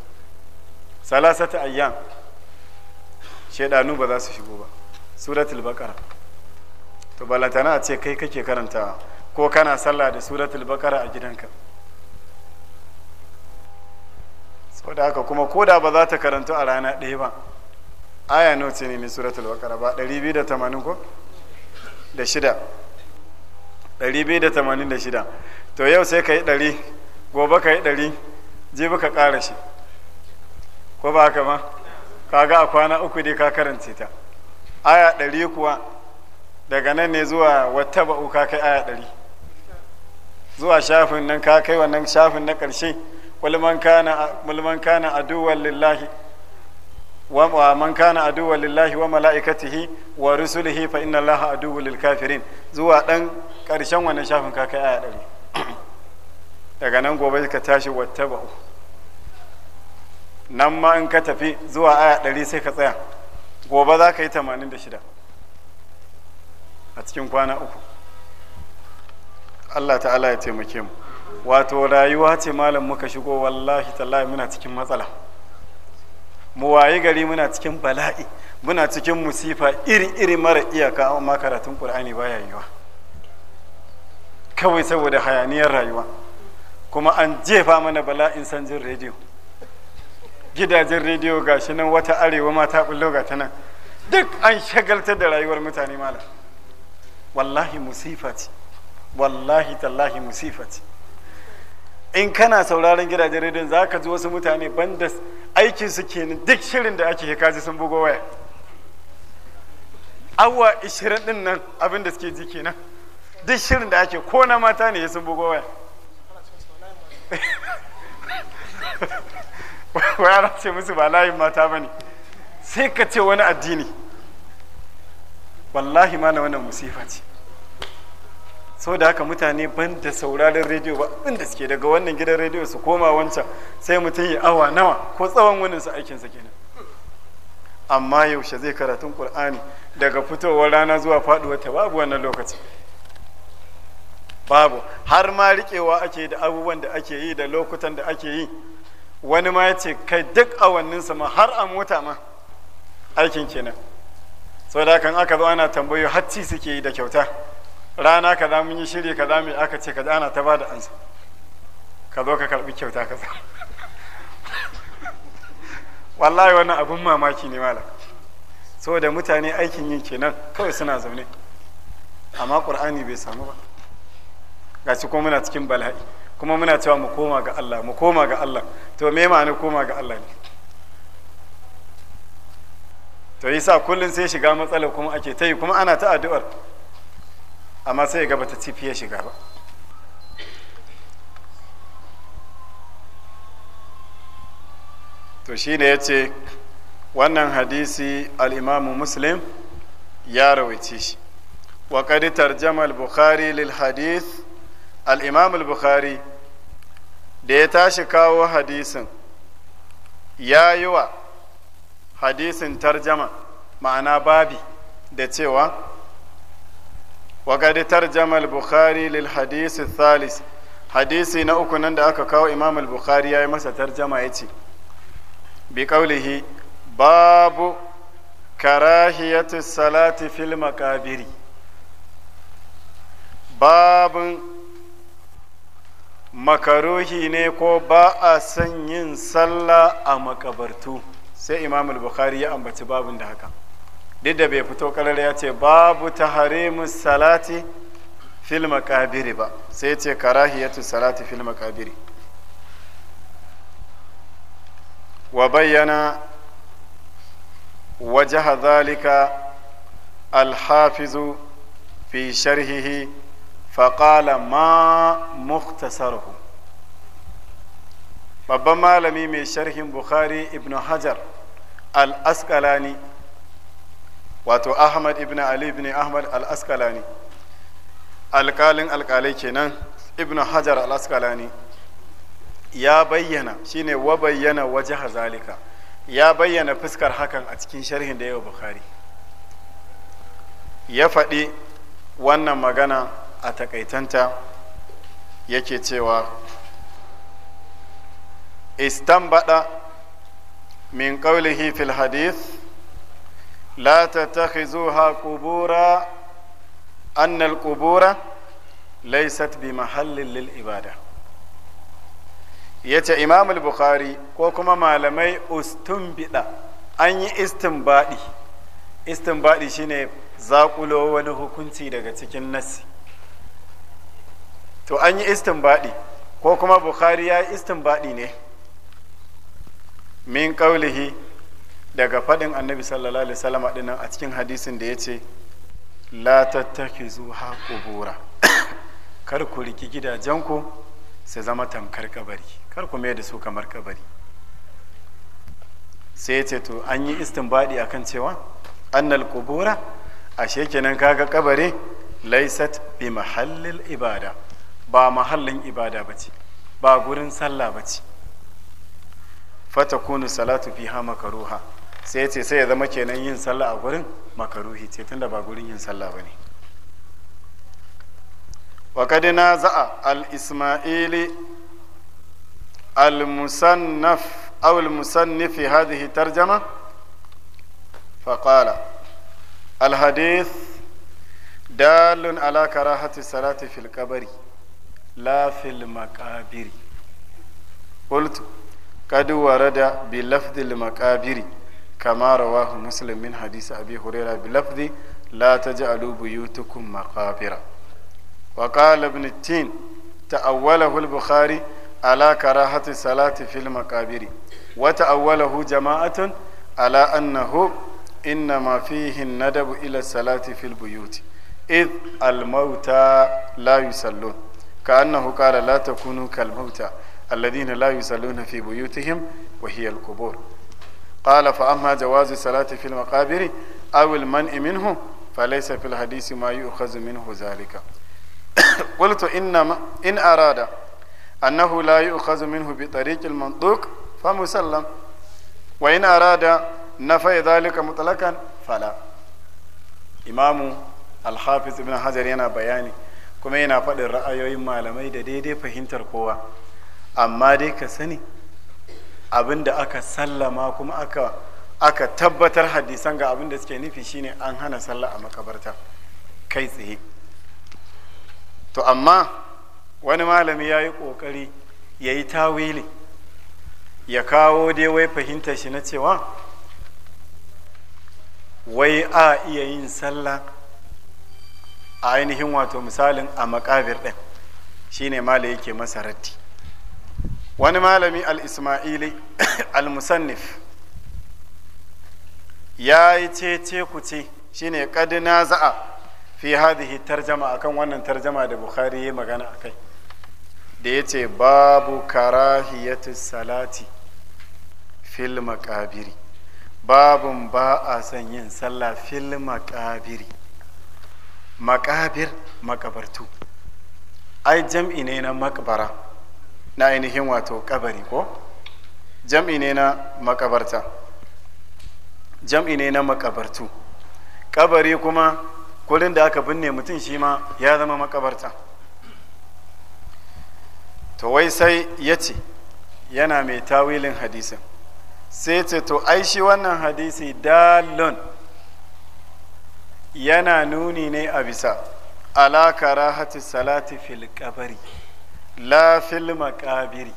salasata ayyan shaidanu ba za su shigo ba suratul baqara to balatana a ce kai kake karanta ko kana sallah da suratul baqara a gidanka saboda haka kuma koda ba za ta karantu a rana ɗaya ba aya nawa ce ne mai suratul bakara ba 280 ko da shida 286 to yau sai ka yi ɗari gobe ka yi ɗari jibi ka ƙara shi ko ba haka ma kaga a kwana uku dai ka karanta ta aya ɗari kuwa daga nan ne zuwa wata ba'u ka kai aya ɗari zuwa shafin nan ka kai wannan shafin na ƙarshe ولمن كان ولمن كان عدوا لله ومن كان عدوا لله وملائكته ورسله فإن الله عدو للكافرين زوا دان karshen wannan shafin ka kai aya ɗari daga nan gobe ka tashi wattaba'u nan ma in ka tafi zuwa aya ɗari sai ka tsaya gobe za ka yi tamanin da shida a cikin kwana uku allah ta'ala ya taimake mu wato rayuwa ce malam muka shigo wallahi tallahi muna cikin matsala mu waye gari muna cikin bala'i muna cikin musifa iri-iri mara iyaka amma karatun qur'ani baya yiwa kawai saboda hayaniyar rayuwa kuma an jefa mana bala'in sanjin rediyo gidajen rediyo gashi nan wata arewa ma ta bullo ga ta nan duk an shagaltar da rayuwar mutane malam wallahi musifa ce wallahi tallahi musifa ce in kana sauraron gidajen rediyon za ka ji wasu mutane banda aikin su kenan duk shirin da ake kaji sun bugo waya awa 20 din nan abin da suke ji kenan duk shirin da ake ko na mata ne sun bugo waya wai ana ce musu ba layin mata ba ne sai ka ce wani addini wallahi ma na wannan musifa ce sau da haka mutane ban da sauraron rediyo ba abin suke daga wannan gidan rediyo su koma wancan sai mutum ya awa nawa ko tsawon wannan su aikinsa kenan amma yaushe zai karatun qur'ani daga fitowar rana zuwa faduwar ta babu wannan lokaci babu har ma riƙewa ake da abubuwan da ake yi da lokutan da ake yi wani ma ya ce kai duk awanninsa ma har a mota ma aikin kenan sau da kan aka zo ana tambayo hacci suke yi da kyauta rana ka za mun yi shiri ka mu yi aka ce ka ana ta ba da ansa ka zo ka karbi kyauta kaza wallahi wannan abun mamaki ne malam so da mutane aikin yin kenan kawai suna zaune amma qur'ani bai samu ba ga ci muna cikin bala'i kuma muna cewa mu koma ga Allah mu koma ga Allah to me ma'ana koma ga Allah ne to yasa kullun sai shiga matsala kuma ake ta yi kuma ana ta addu'ar amma sai ga bata cifi ya shiga ba to shi ne ya ce wannan hadisi al'imamu muslim ya rawaice shi wa ƙaditar tarjama bukhari lil hadith al'imamu bukhari da ya tashi kawo hadisin ya yi wa hadisin tarjama ma'ana babi da cewa وقد ترجم البخاري للحديث الثالث حديثي نأكو نند أكاكاو إمام البخاري يا مسا ترجمة يتي بقوله باب كراهية الصلاة في المقابر باب makaruhi ne ko ba a son yin sallah a makabartu sai imam al-bukhari ya ambaci babin da haka duk da bai fito kalar ya ce babu taharimu salati fil makabiri ba sai ce karahiyatu salati fil makabiri wa bayyana وجه alhafizu fi sharhihi faƙala فقال ما مختصره babban malami mai sharhin bukhari ibn hajar al askalani wato ahmad ibn ali ibn ahmad al-askalani alkalin alkalai kenan ibn hajar al-askalani ya bayyana shine wa bayyana waje zalika ya bayyana fuskar hakan a cikin sharhin da yau bukhari ya faɗi wannan magana a takaitanta yake cewa istan min ƙaulihi fil hadith لا تتخذوها قبورا laisat القبور ليست بمحل للعبادة yace imamul bukhari ko kuma malamai ustunbida an yi istinbadi istinbadi shine zakulo wani hukunci daga cikin nasi. to an yi istinbadi ko kuma bukhari ya yi istinbadi ne min kaulihi daga faɗin annabi sallallahu alaihi wasallam dinnan a cikin hadisin da ya ce la tattakizu ha kubura kar ku riki gidajenku su zama tamkar kabari kar ku mai da su kamar kabari sai ya ce to an yi istinbadi akan cewa annal kubura ashe kenan kaga kabari laisat bi mahallil ibada ba mahallin ibada bace ba gurin sallah bace kunu salatu fiha makaruha sai ce sai ya zama kenan yin sallah a gurin makaruhi ce tunda ba gurin yin sallah ba ne wa za'a al-ismaili al-musannaf aw al-musannif hadhihi tarjama fa qala al-hadith dalun ala karahati salati fil qabri la fil maqabiri قلت قد ورد كما رواه مسلم من حديث أبي هريرة بلفظ لا تجعلوا بيوتكم مقابر وقال ابن التين تأوله البخاري على كراهة الصلاة في المقابر وتأوله جماعة على أنه إنما فيه الندب إلى الصلاة في البيوت إذ الموتى لا يصلون كأنه قال لا تكونوا كالموتى الذين لا يصلون في بيوتهم وهي القبور قال فأما جواز الصلاة في المقابر أو المنع منه فليس في الحديث ما يؤخذ منه ذلك قلت إنما إن أراد أنه لا يؤخذ منه بطريق المنطوق فمسلم وإن أراد نفي ذلك مطلقا فلا إمام الحافظ ابن حجر yana bayani kuma yana faɗin ra'ayoyin malamai da daidai fahimtar kowa amma dai ka sani abin da aka sallama kuma aka tabbatar hadisan ga abin da suke nufi shine an hana sallah a makabarta kai tsaye to amma wani malami ya yi ƙoƙari ya yi tawili ya kawo dai wai fahimtar shi na cewa wai a iya yin sallah a ainihin wato misalin a makabir ɗin shine mala yake masa ratti wani malami al-ismaili al-musannif ya yi cece kuce shine kad za'a fi hadhihi tarjama akan wannan tarjama da bukhari ya magana akai da ya ce babu karahiyatu salati fil maqabiri babun ba a son yin sallah fil makabiri makabir makabartu ai jam'i ne na makbara na ainihin wato kabari ko jam'i ne na makabarta jam'i ne na makabartu kabari kuma kurin da aka binne mutum shi ma ya zama makabarta to wai sai ya ce yana mai tawilin hadisin sai ce to ai shi wannan hadisi dalon yana nuni ne a bisa alakara hati salati fil kabari la fil makabiri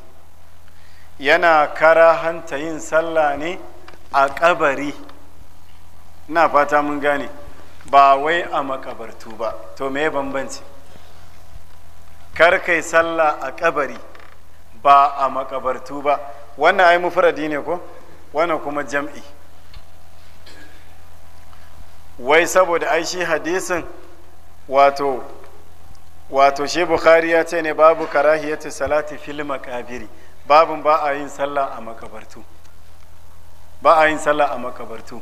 yana kara hanta yin sallah ne a kabari na fata mun gane ba wai a makabartu ba to me bambanci kar kai sallah a kabari ba a makabartu ba wannan ai mufradi ne ko wannan kuma jam'i wai saboda ai shi hadisin wato wato she bukhari ya ce ne babu karahiyatu salati fil makabiri babun ba a yin sallah a makabartu ba a yin sallah a makabartu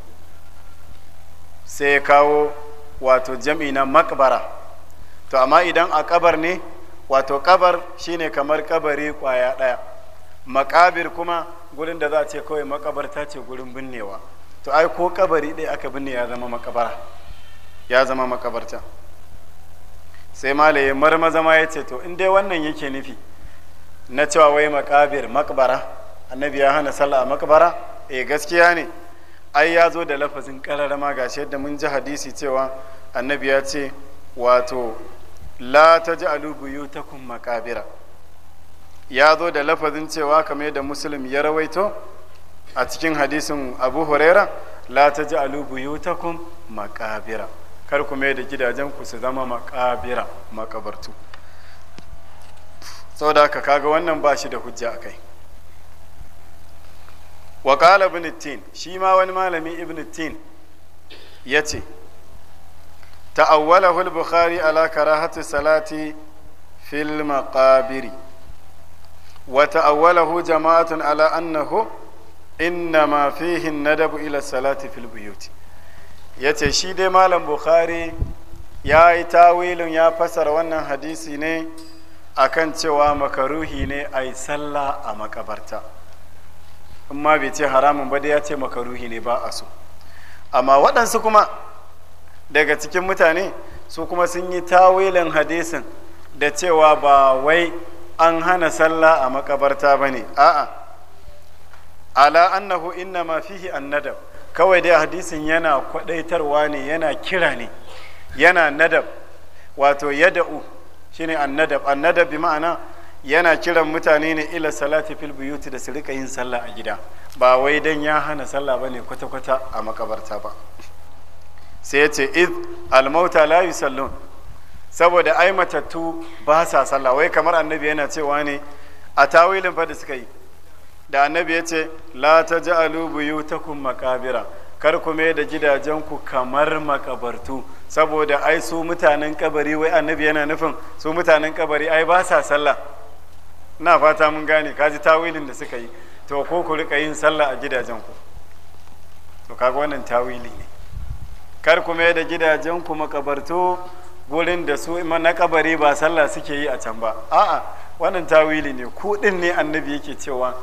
sai ya kawo wato jam'i na makbara to amma idan a kabar ne wato kabar shine kamar kabari kwaya ɗaya makabir kuma gurin da za a ce kawai makabarta ce gurin binnewa to ai ko kabari ɗaya aka binne ya zama makabara ya zama makabarta sai malaye marmaza ma ya ce to in dai wannan yake nufi na cewa wai makabir makbara annabi ya hana sallah a makbara eh gaskiya ne ai ya zo da lafazin karara ma gashi yadda mun ji hadisi cewa annabi ya ce wato la ta buyutakum makabira ya zo da lafazin cewa kamar yadda musulmi ya rawaito a cikin hadisin abu huraira la ta buyutakum makabira kar ku mai da ku su zama makabira makabartu saboda haka kaga wannan ba shi da hujja a kai Wakala qala ibn tin shi ma wani malami ibn tin yace ta'awwalahu al-bukhari ala karahati salati fil maqabiri wa hu jama'atun ala annahu innama fihi an-nadabu ila salati fil buyuti ya ce shi dai malam bukhari ya yi tawilin ya fasara wannan hadisi ne akan cewa makaruhi ne a yi sallah a makabarta in ma bai ce haramun ba dai ya ce makaruhi ne ba a so amma waɗansu kuma daga cikin mutane su kuma sun yi tawilin hadisin da cewa ba wai an hana sallah a makabarta ba ne a'a ala annahu inna ma fihi annadab kawai dai hadisin yana kwadaitarwa ne yana kira ne yana nadab wato yada'u shine annadab annadab bi ma'ana yana kiran mutane ne ila salati fil buyuti da su rika yin sallah a gida ba wai dan ya hana sallah bane kwata kwata a makabarta ba sai ya ce id almauta la yusallun saboda ai matattu ba sa sallah wai kamar annabi yana cewa ne a tawilin fa da suka yi da annabi ya ce la ta ja'alu buyutakum makabira kar ku mai da gidajenku kamar makabartu saboda ai su mutanen kabari wai annabi yana nufin su mutanen kabari ai ba sa sallah na fata mun gane kaji tawilin da suka yi to ko ku rika yin sallah a gidajenku to kaga wannan tawili ne kar ku mai da gidajenku makabartu gurin da su na kabari ba sallah suke yi a can ba a'a wannan tawili ne ku din ne annabi yake cewa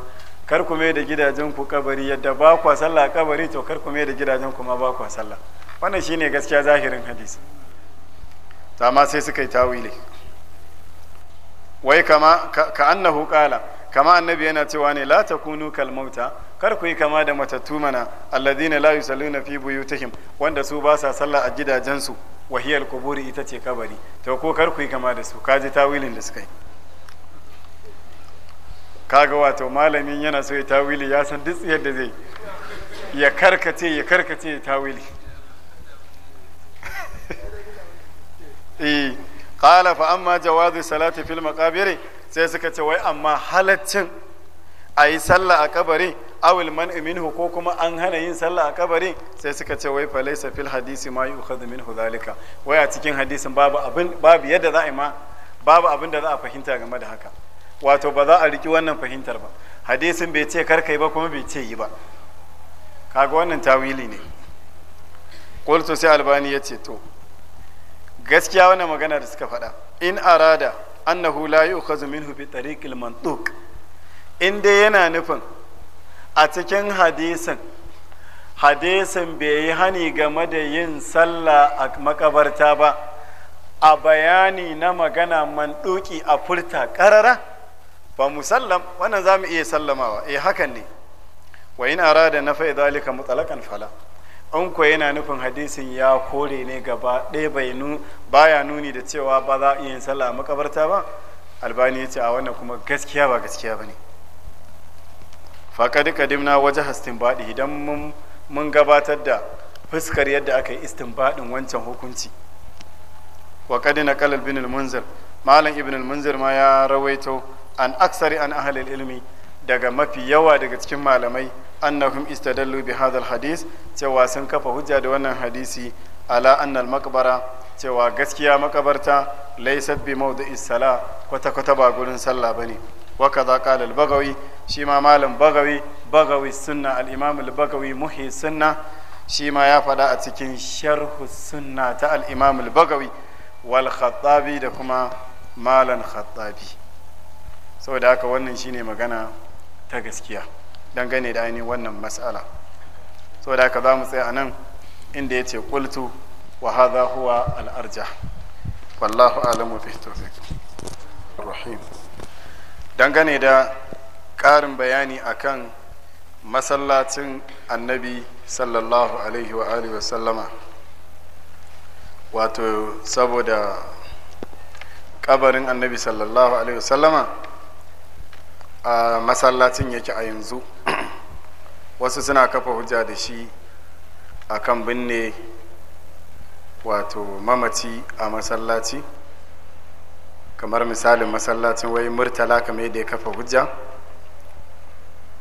kar ku mai da gidajen ku kabari yadda ba kwa sallah kabari to kar ku mai da gidajen ku ma ba kwa sallah wannan shine gaskiya zahirin hadisi ta ma sai suka yi tawili wai kama ka annahu qala kama annabi yana cewa ne la takunu kal mauta kar ku yi kama da matattu mana alladhina la yusalluna fi buyutihim wanda su ba sa sallah a gidajensu wahiyal kuburi ita ce kabari to ko kar ku yi kama da su kaji tawilin da suka yi kaga wato malamin yana so ya tawili ya san duk yadda zai ya karkace ya karkace ya tawili eh fa amma jawazu salati fil maqabiri sai suka ce wai amma halaccin a yi sallah a kabari awil man minhu ko kuma an hana yin sallah a kabari sai suka ce wai falaisa fil hadisi ma yu'khadhu minhu zalika wai a cikin hadisin babu abin babu yadda za a yi ma babu abin da za a fahimta game da haka wato ba za a riki wannan fahimtar ba hadisin bai ce karkai ba kuma bai ce yi ba kaga wannan tawili ne qultu sai albani ya ce to gaskiya wannan magana da suka faɗa in arada annahu la yu'khazu minhu bi tariqil mantuq in dai yana nufin a cikin hadisin hadisin bai yi hani game da yin sallah a makabarta ba a bayani na magana manduki a furta ƙarara fa musallam wannan za mu iya sallamawa eh hakan ne wa in arada na fa zalika mutlaqan fala an ko yana nufin hadisin ya kore ne gaba ɗaya bai nu baya nuni da cewa ba za a iya sallah a makabarta ba albani ya ce a wannan kuma gaskiya ba gaskiya ba ne faƙad kadimna waje baɗi idan mun gabatar da fuskar yadda aka yi istinbaɗin wancan hukunci wa na kalal bin munzir malam ibn munzir ma ya rawaito an aksari an ahalil ilmi daga mafi yawa daga cikin malamai annahum istadallu bi hadal hadis cewa sun kafa hujja da wannan hadisi ala annal makbara cewa gaskiya makabarta laysat bi mawdi'i isala kwata kwata ba gurin sallah bane wa kaza qala al bagawi shi ma malam bagawi bagawi sunna al imam al bagawi muhi sunna shi ma ya faɗa a cikin sharhu sunna ta al imam al bagawi wal khattabi da kuma malan khattabi saboda haka wannan shine magana ta gaskiya dangane da ainihin wannan mas'ala saboda haka za mu tsaya a nan inda ya ce kultu wa hadha huwa al'arja wallahu alamu bi tawfiq rahim dangane da ƙarin bayani akan masallacin annabi sallallahu alaihi wa alihi sallama wato saboda kabarin annabi sallallahu alaihi wa sallama a masallacin yake a yanzu wasu suna kafa hujja da shi a kan binne wato mamaci a masallaci kamar misalin masallacin wai murtala kamar yadda ya kafa hujja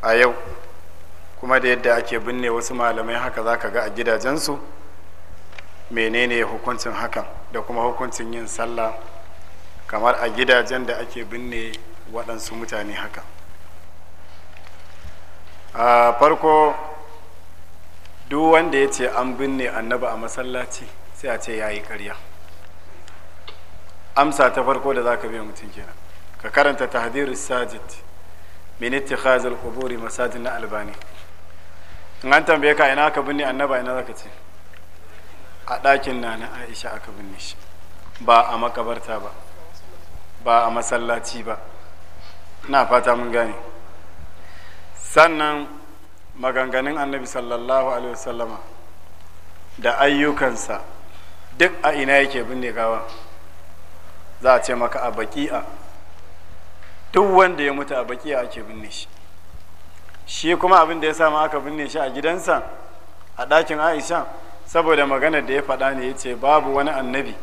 a yau kuma da yadda ake binne wasu malamai haka za ka ga a gidajensu menene hukuncin hakan da kuma hukuncin yin sallah kamar a gidajen da ake binne waɗansu mutane haka a farko duk wanda ya ce an binne annaba a masallaci sai a ce ya yi ƙarya amsa ta farko da za ka biya mutum kenan ka karanta ta hadiru sajid miniti ittikhazil kuburi masajin na albani in an tambaye ka ina aka binne annaba ina ka ce a ɗakin na na aisha aka binne shi ba a makabarta ba ba a masallaci ba na fata mun gane sannan maganganun annabi sallallahu alaihi wasallama da ayyukansa duk a ina yake binne gawa za a ce maka a baki'a duk wanda ya mutu a baki'a ake binne shi shi kuma abin da ya ma aka binne shi a gidansa a ɗakin aisha saboda maganar da ya faɗa ne ya ce babu wani annabi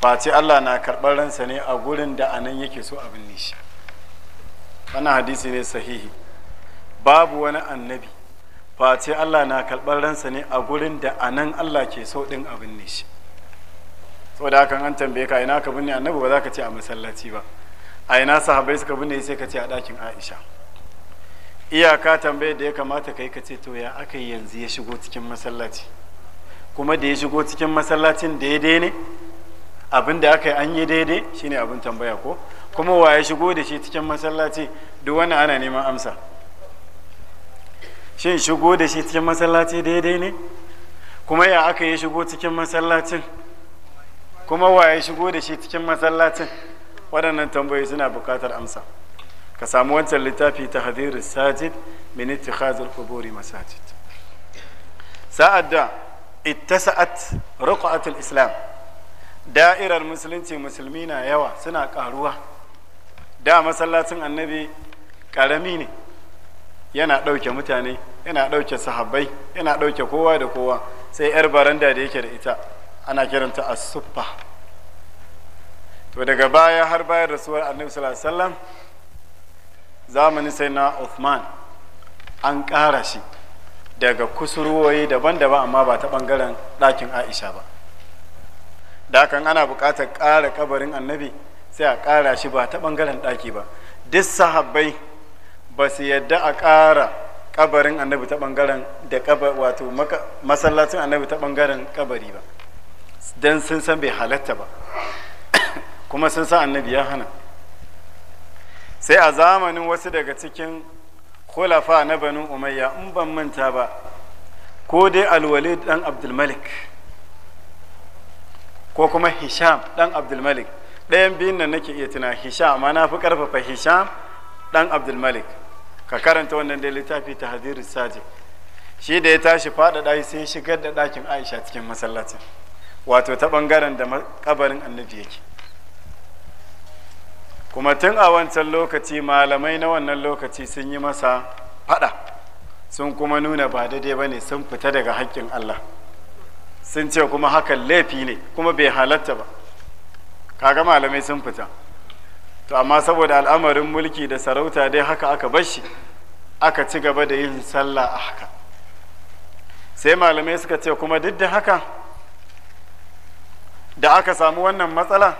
face allah na karɓar ransa ne a gurin da anan yake so a binne shi wannan hadisi ne sahihi babu wani annabi face Allah na karɓar ransa ne a gurin da a nan Allah ke so ɗin abin ne shi da hakan an tambaye ka ina ka binne annabi ba za ka ce a masallaci ba a ina sahabai suka binne sai ka ce a ɗakin aisha iyaka tambayar da ya kamata kai ka ce to ya aka yi yanzu ya shigo cikin masallaci kuma da ya shigo cikin masallacin daidai ne abin da aka yi an yi daidai shine abin tambaya ko kuma wa ya shigo da shi cikin masallaci duk wani ana neman amsa shin shigo da shi cikin masallaci daidai ne kuma ya aka yi shigo cikin masallacin kuma wa ya shigo da shi cikin masallacin waɗannan tambayoyi suna buƙatar amsa ka samu wancan littafi ta hadirin sajid min ittikhazul quburi masajid sa'ad da ittasa'at ruqatul islam da'irar musulunci musulmi na yawa suna ƙaruwa da masallacin annabi karami ne yana ɗauke mutane yana ɗauke sahabbai yana ɗauke kowa da kowa sai 'yar baranda da yake da ita ana kiranta suffa to daga baya har bayan rasuwar annabi sallallahu alaihi zamanin sai na Uthman an ƙara shi daga kusurwoyi daban-daban amma ba ta bangaren ɗakin Aisha ba dakan ana buƙatar ƙara kabarin annabi sai a ƙara shi ba ta ɓangaren ɗaki ba duk sahabbai ba su yadda a ƙara kabarin annabi ta ɓangaren da wato masallacin annabi ta ɓangaren kabari ba don sun san bai halatta ba kuma sun san annabi ya hana sai a zamanin wasu daga cikin khulafa na banu umayya in ban manta ba ko dai alwalid dan abdulmalik ko kuma hisham dan abdulmalik ɗayan biyun nan nake iya tuna Hisha amma na fi ƙarfafa Hisha ɗan abdulmalik ka karanta wannan da littafi ta hadiru saji shi da ya tashi faɗaɗa sai shigar da ɗakin aisha cikin masallacin wato ta ɓangaren da kabarin annabi yake kuma tun a wancan lokaci malamai na wannan lokaci sun yi masa faɗa sun kuma nuna ba daidai ba ne sun fita daga haƙƙin allah sun ce kuma hakan laifi ne kuma bai halatta ba kaga malamai sun fita to amma saboda al'amarin mulki da sarauta dai haka aka bar shi aka ci gaba da yin sallah a haka sai malamai suka ce kuma duk da haka da aka samu wannan matsala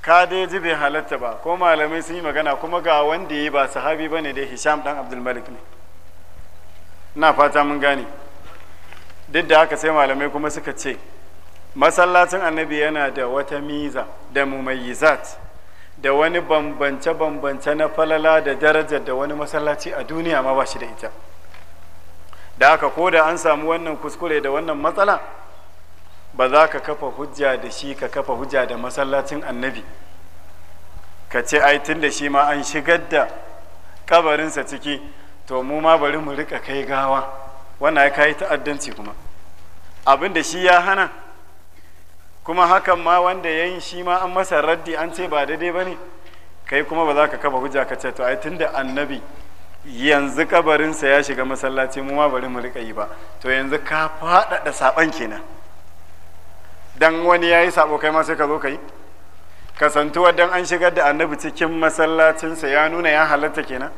ka dai ji bai halatta ba ko malamai sun yi magana kuma ga wanda yi ba sahabi bane dai hisham dan abdulmalik ne na fata mun gane duk da haka sai malamai kuma suka ce masallacin annabi yana da wata miza da mumayyizat da wani bambance-bambance na falala da darajar da wani masallaci a duniya ma ba shi da ita da aka ko da an samu wannan kuskure da wannan matsala ba za ka kafa hujja da shi ka kafa hujja da masallacin annabi ka ce ai tun da shi ma an shigar da kabarinsa ciki to mu ma bari mu rika kai gawa wannan ya kayi ta'addanci kuma abin da shi ya hana kuma hakan ma wanda ya yi shi ma an masa raddi an ce ba daidai ba ne kai kuma ba za ka kafa hujja ka ce to ai tunda annabi yanzu kabarinsa ya shiga masallaci mu ma bari mu rika yi ba to yanzu ka faɗaɗa saɓan kenan dan wani ya yi saɓo kai ma sai ka zo ka yi kasantuwa dan an shigar da annabi cikin masallacinsa ya nuna ya halatta kenan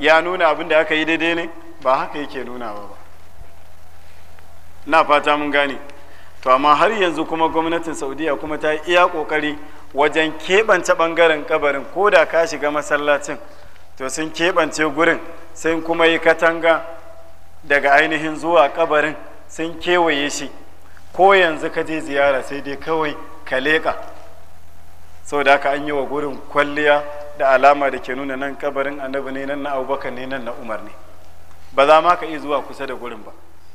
ya nuna abin da aka yi daidai ne ba haka yake nuna ba ba na fata mun gane to amma har yanzu kuma gwamnatin saudiya kuma ta yi iya kokari wajen keɓance ɓangaren kabarin ko da ka shiga masallacin to sun keɓance gurin sun kuma yi katanga daga ainihin zuwa kabarin sun kewaye shi ko yanzu ka je ziyara sai dai kawai ka leƙa sau da aka an yi wa gurin kwalliya da alama da ke nuna nan kabarin annabi ne nan na abubakar ne nan na umarni ne ba za ma ka iya zuwa kusa da gurin ba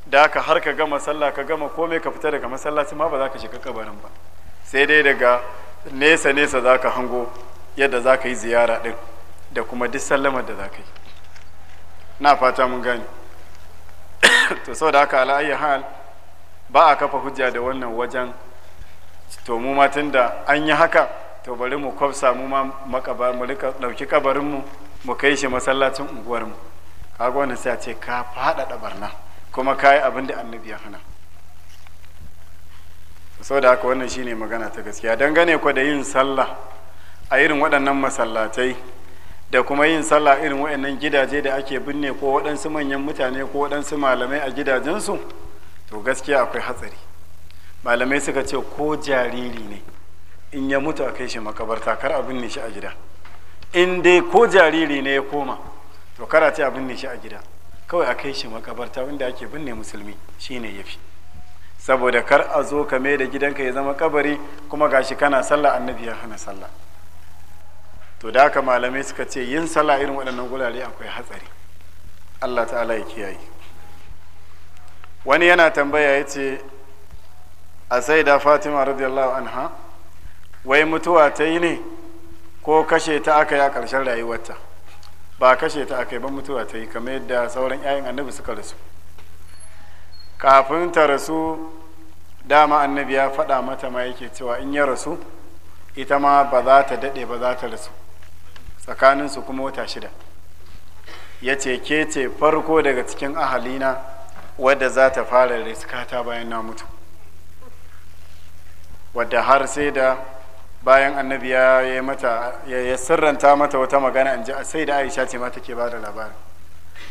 da ka har ka gama sallah ka gama komai ka fita daga masallaci ma ba za ka shiga kabarin ba sai dai daga nesa nesa za ka hango yadda za ka yi ziyara din da kuma duk sallamar da za ka yi na fata mun gani to sau da aka ala'ayi hal ba a kafa hujja da wannan wajen to mu ma tun da an yi haka to bari mu kwafsa mu ma mu ɗauki kabarinmu mu kai shi masallacin unguwarmu kaga wannan sai a ce ka faɗaɗa barna kuma kayi abin da annabi ya hana sau da haka wannan shine magana ta gaskiya dangane kwa da yin sallah a irin waɗannan masallatai da kuma yin sallah irin waɗannan gidaje da ake binne ko waɗansu manyan mutane ko waɗansu malamai a gidajensu to gaskiya akwai hatsari malamai suka ce ko jariri ne in ya mutu a kai shi makabarta kar a binne shi a gida in dai ko jariri ne ya koma to kar a ce a binne shi a gida kawai a kai shi makabarta inda ake binne musulmi shine yafi saboda kar a zo ka mai da gidanka ya zama kabari kuma gashi kana sallah annabi ya hana sallah to da haka malamai suka ce yin sallah irin waɗannan gurare akwai hatsari allah ta'ala ya kiyaye wani yana tambaya ya ce a sai da fatima radiyallahu anha wai mutuwa ta yi ne ko kashe ta aka yi a ƙarshen rayuwarta ba kashe ta aka yi ba mutuwa ta yi kamar yadda sauran 'ya'yan annabi suka rasu kafin ta rasu dama annabi ya faɗa mata ma yake cewa in ya rasu ita ma ba za ta daɗe ba za ta rasu su kuma wata shida ya ce ke ce farko daga cikin ahalina wadda za ta fara ta bayan na mutu wadda har sai da bayan annabi ya yi mata ya sirranta mata wata magana in ji a sai da aisha ce ma take bada labarin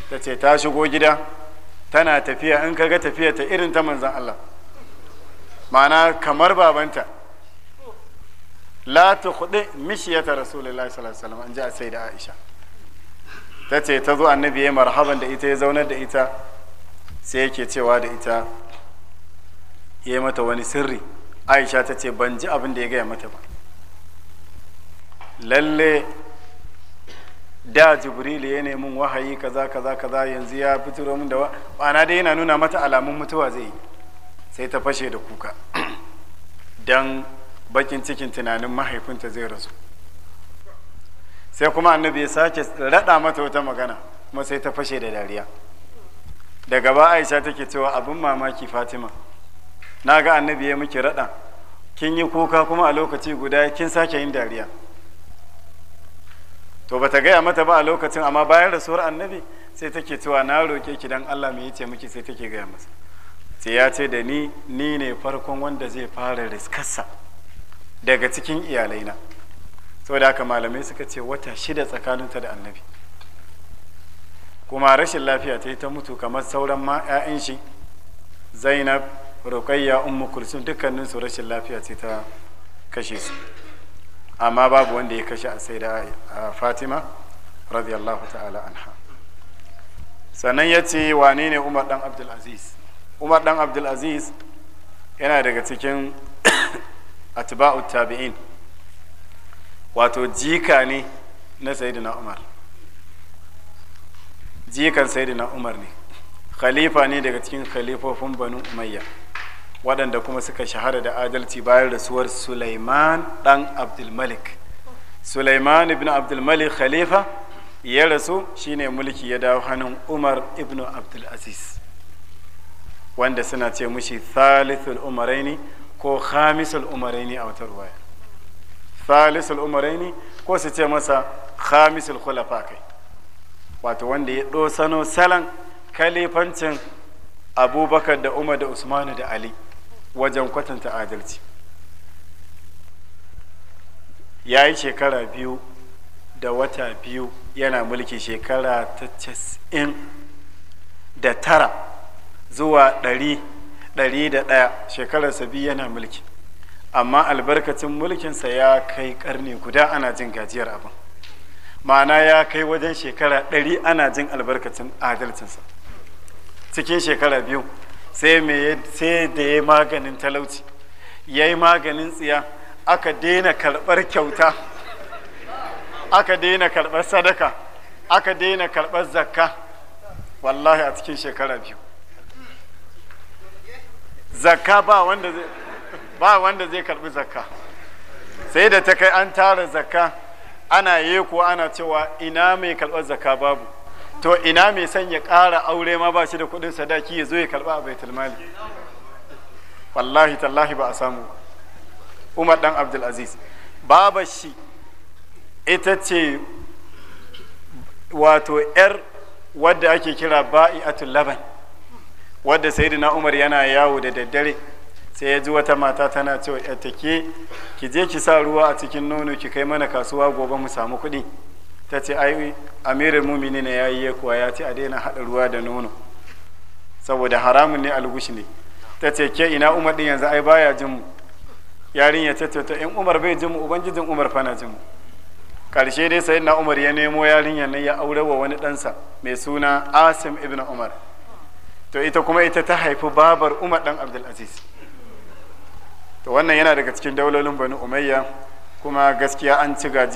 ta ce ta shigo gida tana tafiya in kaga tafiya ta irin ta manzan Allah ma'ana kamar babanta la ta kuɗi mishiyata rasulullahi sallallahu alaihi wasallam in ji a sai da aisha ta ce ta zo annabi ya marhaban da ita ya zaunar da ita sai yake cewa da ita ya yi mata wani sirri aisha ta ce ban ji abin da ya gaya mata ba lalle da jibril ya ne mun wahayi kaza kaza kaza yanzu ya fito min da ma'ana dai yana nuna mata alamun mutuwa zai sai ta fashe da kuka dan bakin cikin tunanin mahaifinta zai rasu sai kuma annabi ya sake raɗa mata wata magana kuma sai ta fashe da dariya da gaba aisha take cewa abin mamaki fatima na ga annabi ya miki raɗa kin yi kuka kuma a lokaci guda kin sake yin dariya to bata gaya mata ba a lokacin amma bayan rasuwar annabi sai take cewa na roƙe ki dan Allah mu yace miki sai take gaya masa sai ya ce da ni ni ne farkon wanda zai fara riskarsa daga cikin iyalaina saboda haka malamai suka ce wata shida tsakaninta da annabi kuma rashin lafiya ta yi ta mutu kamar sauran ma 'ya'yan shi zainab rukayya ummu kulsum dukkaninsu rashin lafiya ce ta kashe su amma babu wanda ya kashe a sai da fatima radiyallahu ta'ala anha sannan ya ce wane ne umar dan abdulaziz umar dan abdulaziz yana daga cikin atba'u tabi'in wato jika ne na sayyidina umar jikan sayyidina umar ne khalifa ne daga cikin khalifofin banu umayya waɗanda kuma suka shahara da adalci bayan rasuwar Sulaiman ɗan Abdulmalik. Sulaiman ibn Abdulmalik khalifa ya rasu shine mulki ya dawo hannun Umar ibn Abdulaziz. Wanda suna ce mushi thalithul umaraini ko khamisul umaraini a wata ruwaya. Thalithul umaraini ko su ce masa khamisul khulafa kai. Wato wanda ya sano salon kalifancin Abubakar da Umar da Usmanu da Ali. wajen kwatanta adalci ya yi shekara biyu da wata biyu yana mulki shekara ta casin da tara zuwa ɗari ɗari da ɗaya shekarar biyu yana mulki amma albarkacin mulkinsa ya kai karni guda ana jin gajiyar abin ma'ana ya kai wajen shekara ɗari ana jin albarkacin adalcinsa cikin shekara biyu sai da ya maganin talauci ya yi maganin tsiya aka daina karɓar kyauta aka daina karɓar sadaka aka daina karɓar zakka wallahi a cikin shekara biyu zakka ba wanda zai karɓi zakka sai da ta kai an tara zakka ana yeko ana cewa ina mai karɓar zakka babu to ina mai son ya ƙara aure ma ba shi da kuɗin sadaki ya zo ya karɓa a baitul mali wallahi tallahi ba a samu umar dan abdul aziz baba shi ita ce wato yar wadda ake kira ba'i'atul laban wadda sayyidina umar yana yawo da daddare sai ya ji wata mata tana cewa ke ki je ki sa ruwa a cikin nono ki kai mana kasuwa gobe mu samu kuɗi ta ce ai amirin mumini ne ya yi kuwa ya ce a daina haɗa ruwa da nono saboda haramun ne algushi ne ta ce ke ina umar din yanzu ai baya jin mu yarin ta ce to in umar bai jin mu ubangijin umar fana jin mu karshe dai sai na umar ya nemo yarinya nan ya aure wa wani ɗansa mai suna asim ibn umar to ita kuma ita ta haifi babar umar dan abdulaziz to wannan yana daga cikin daulolin bani umayya kuma gaskiya an ci gajiyar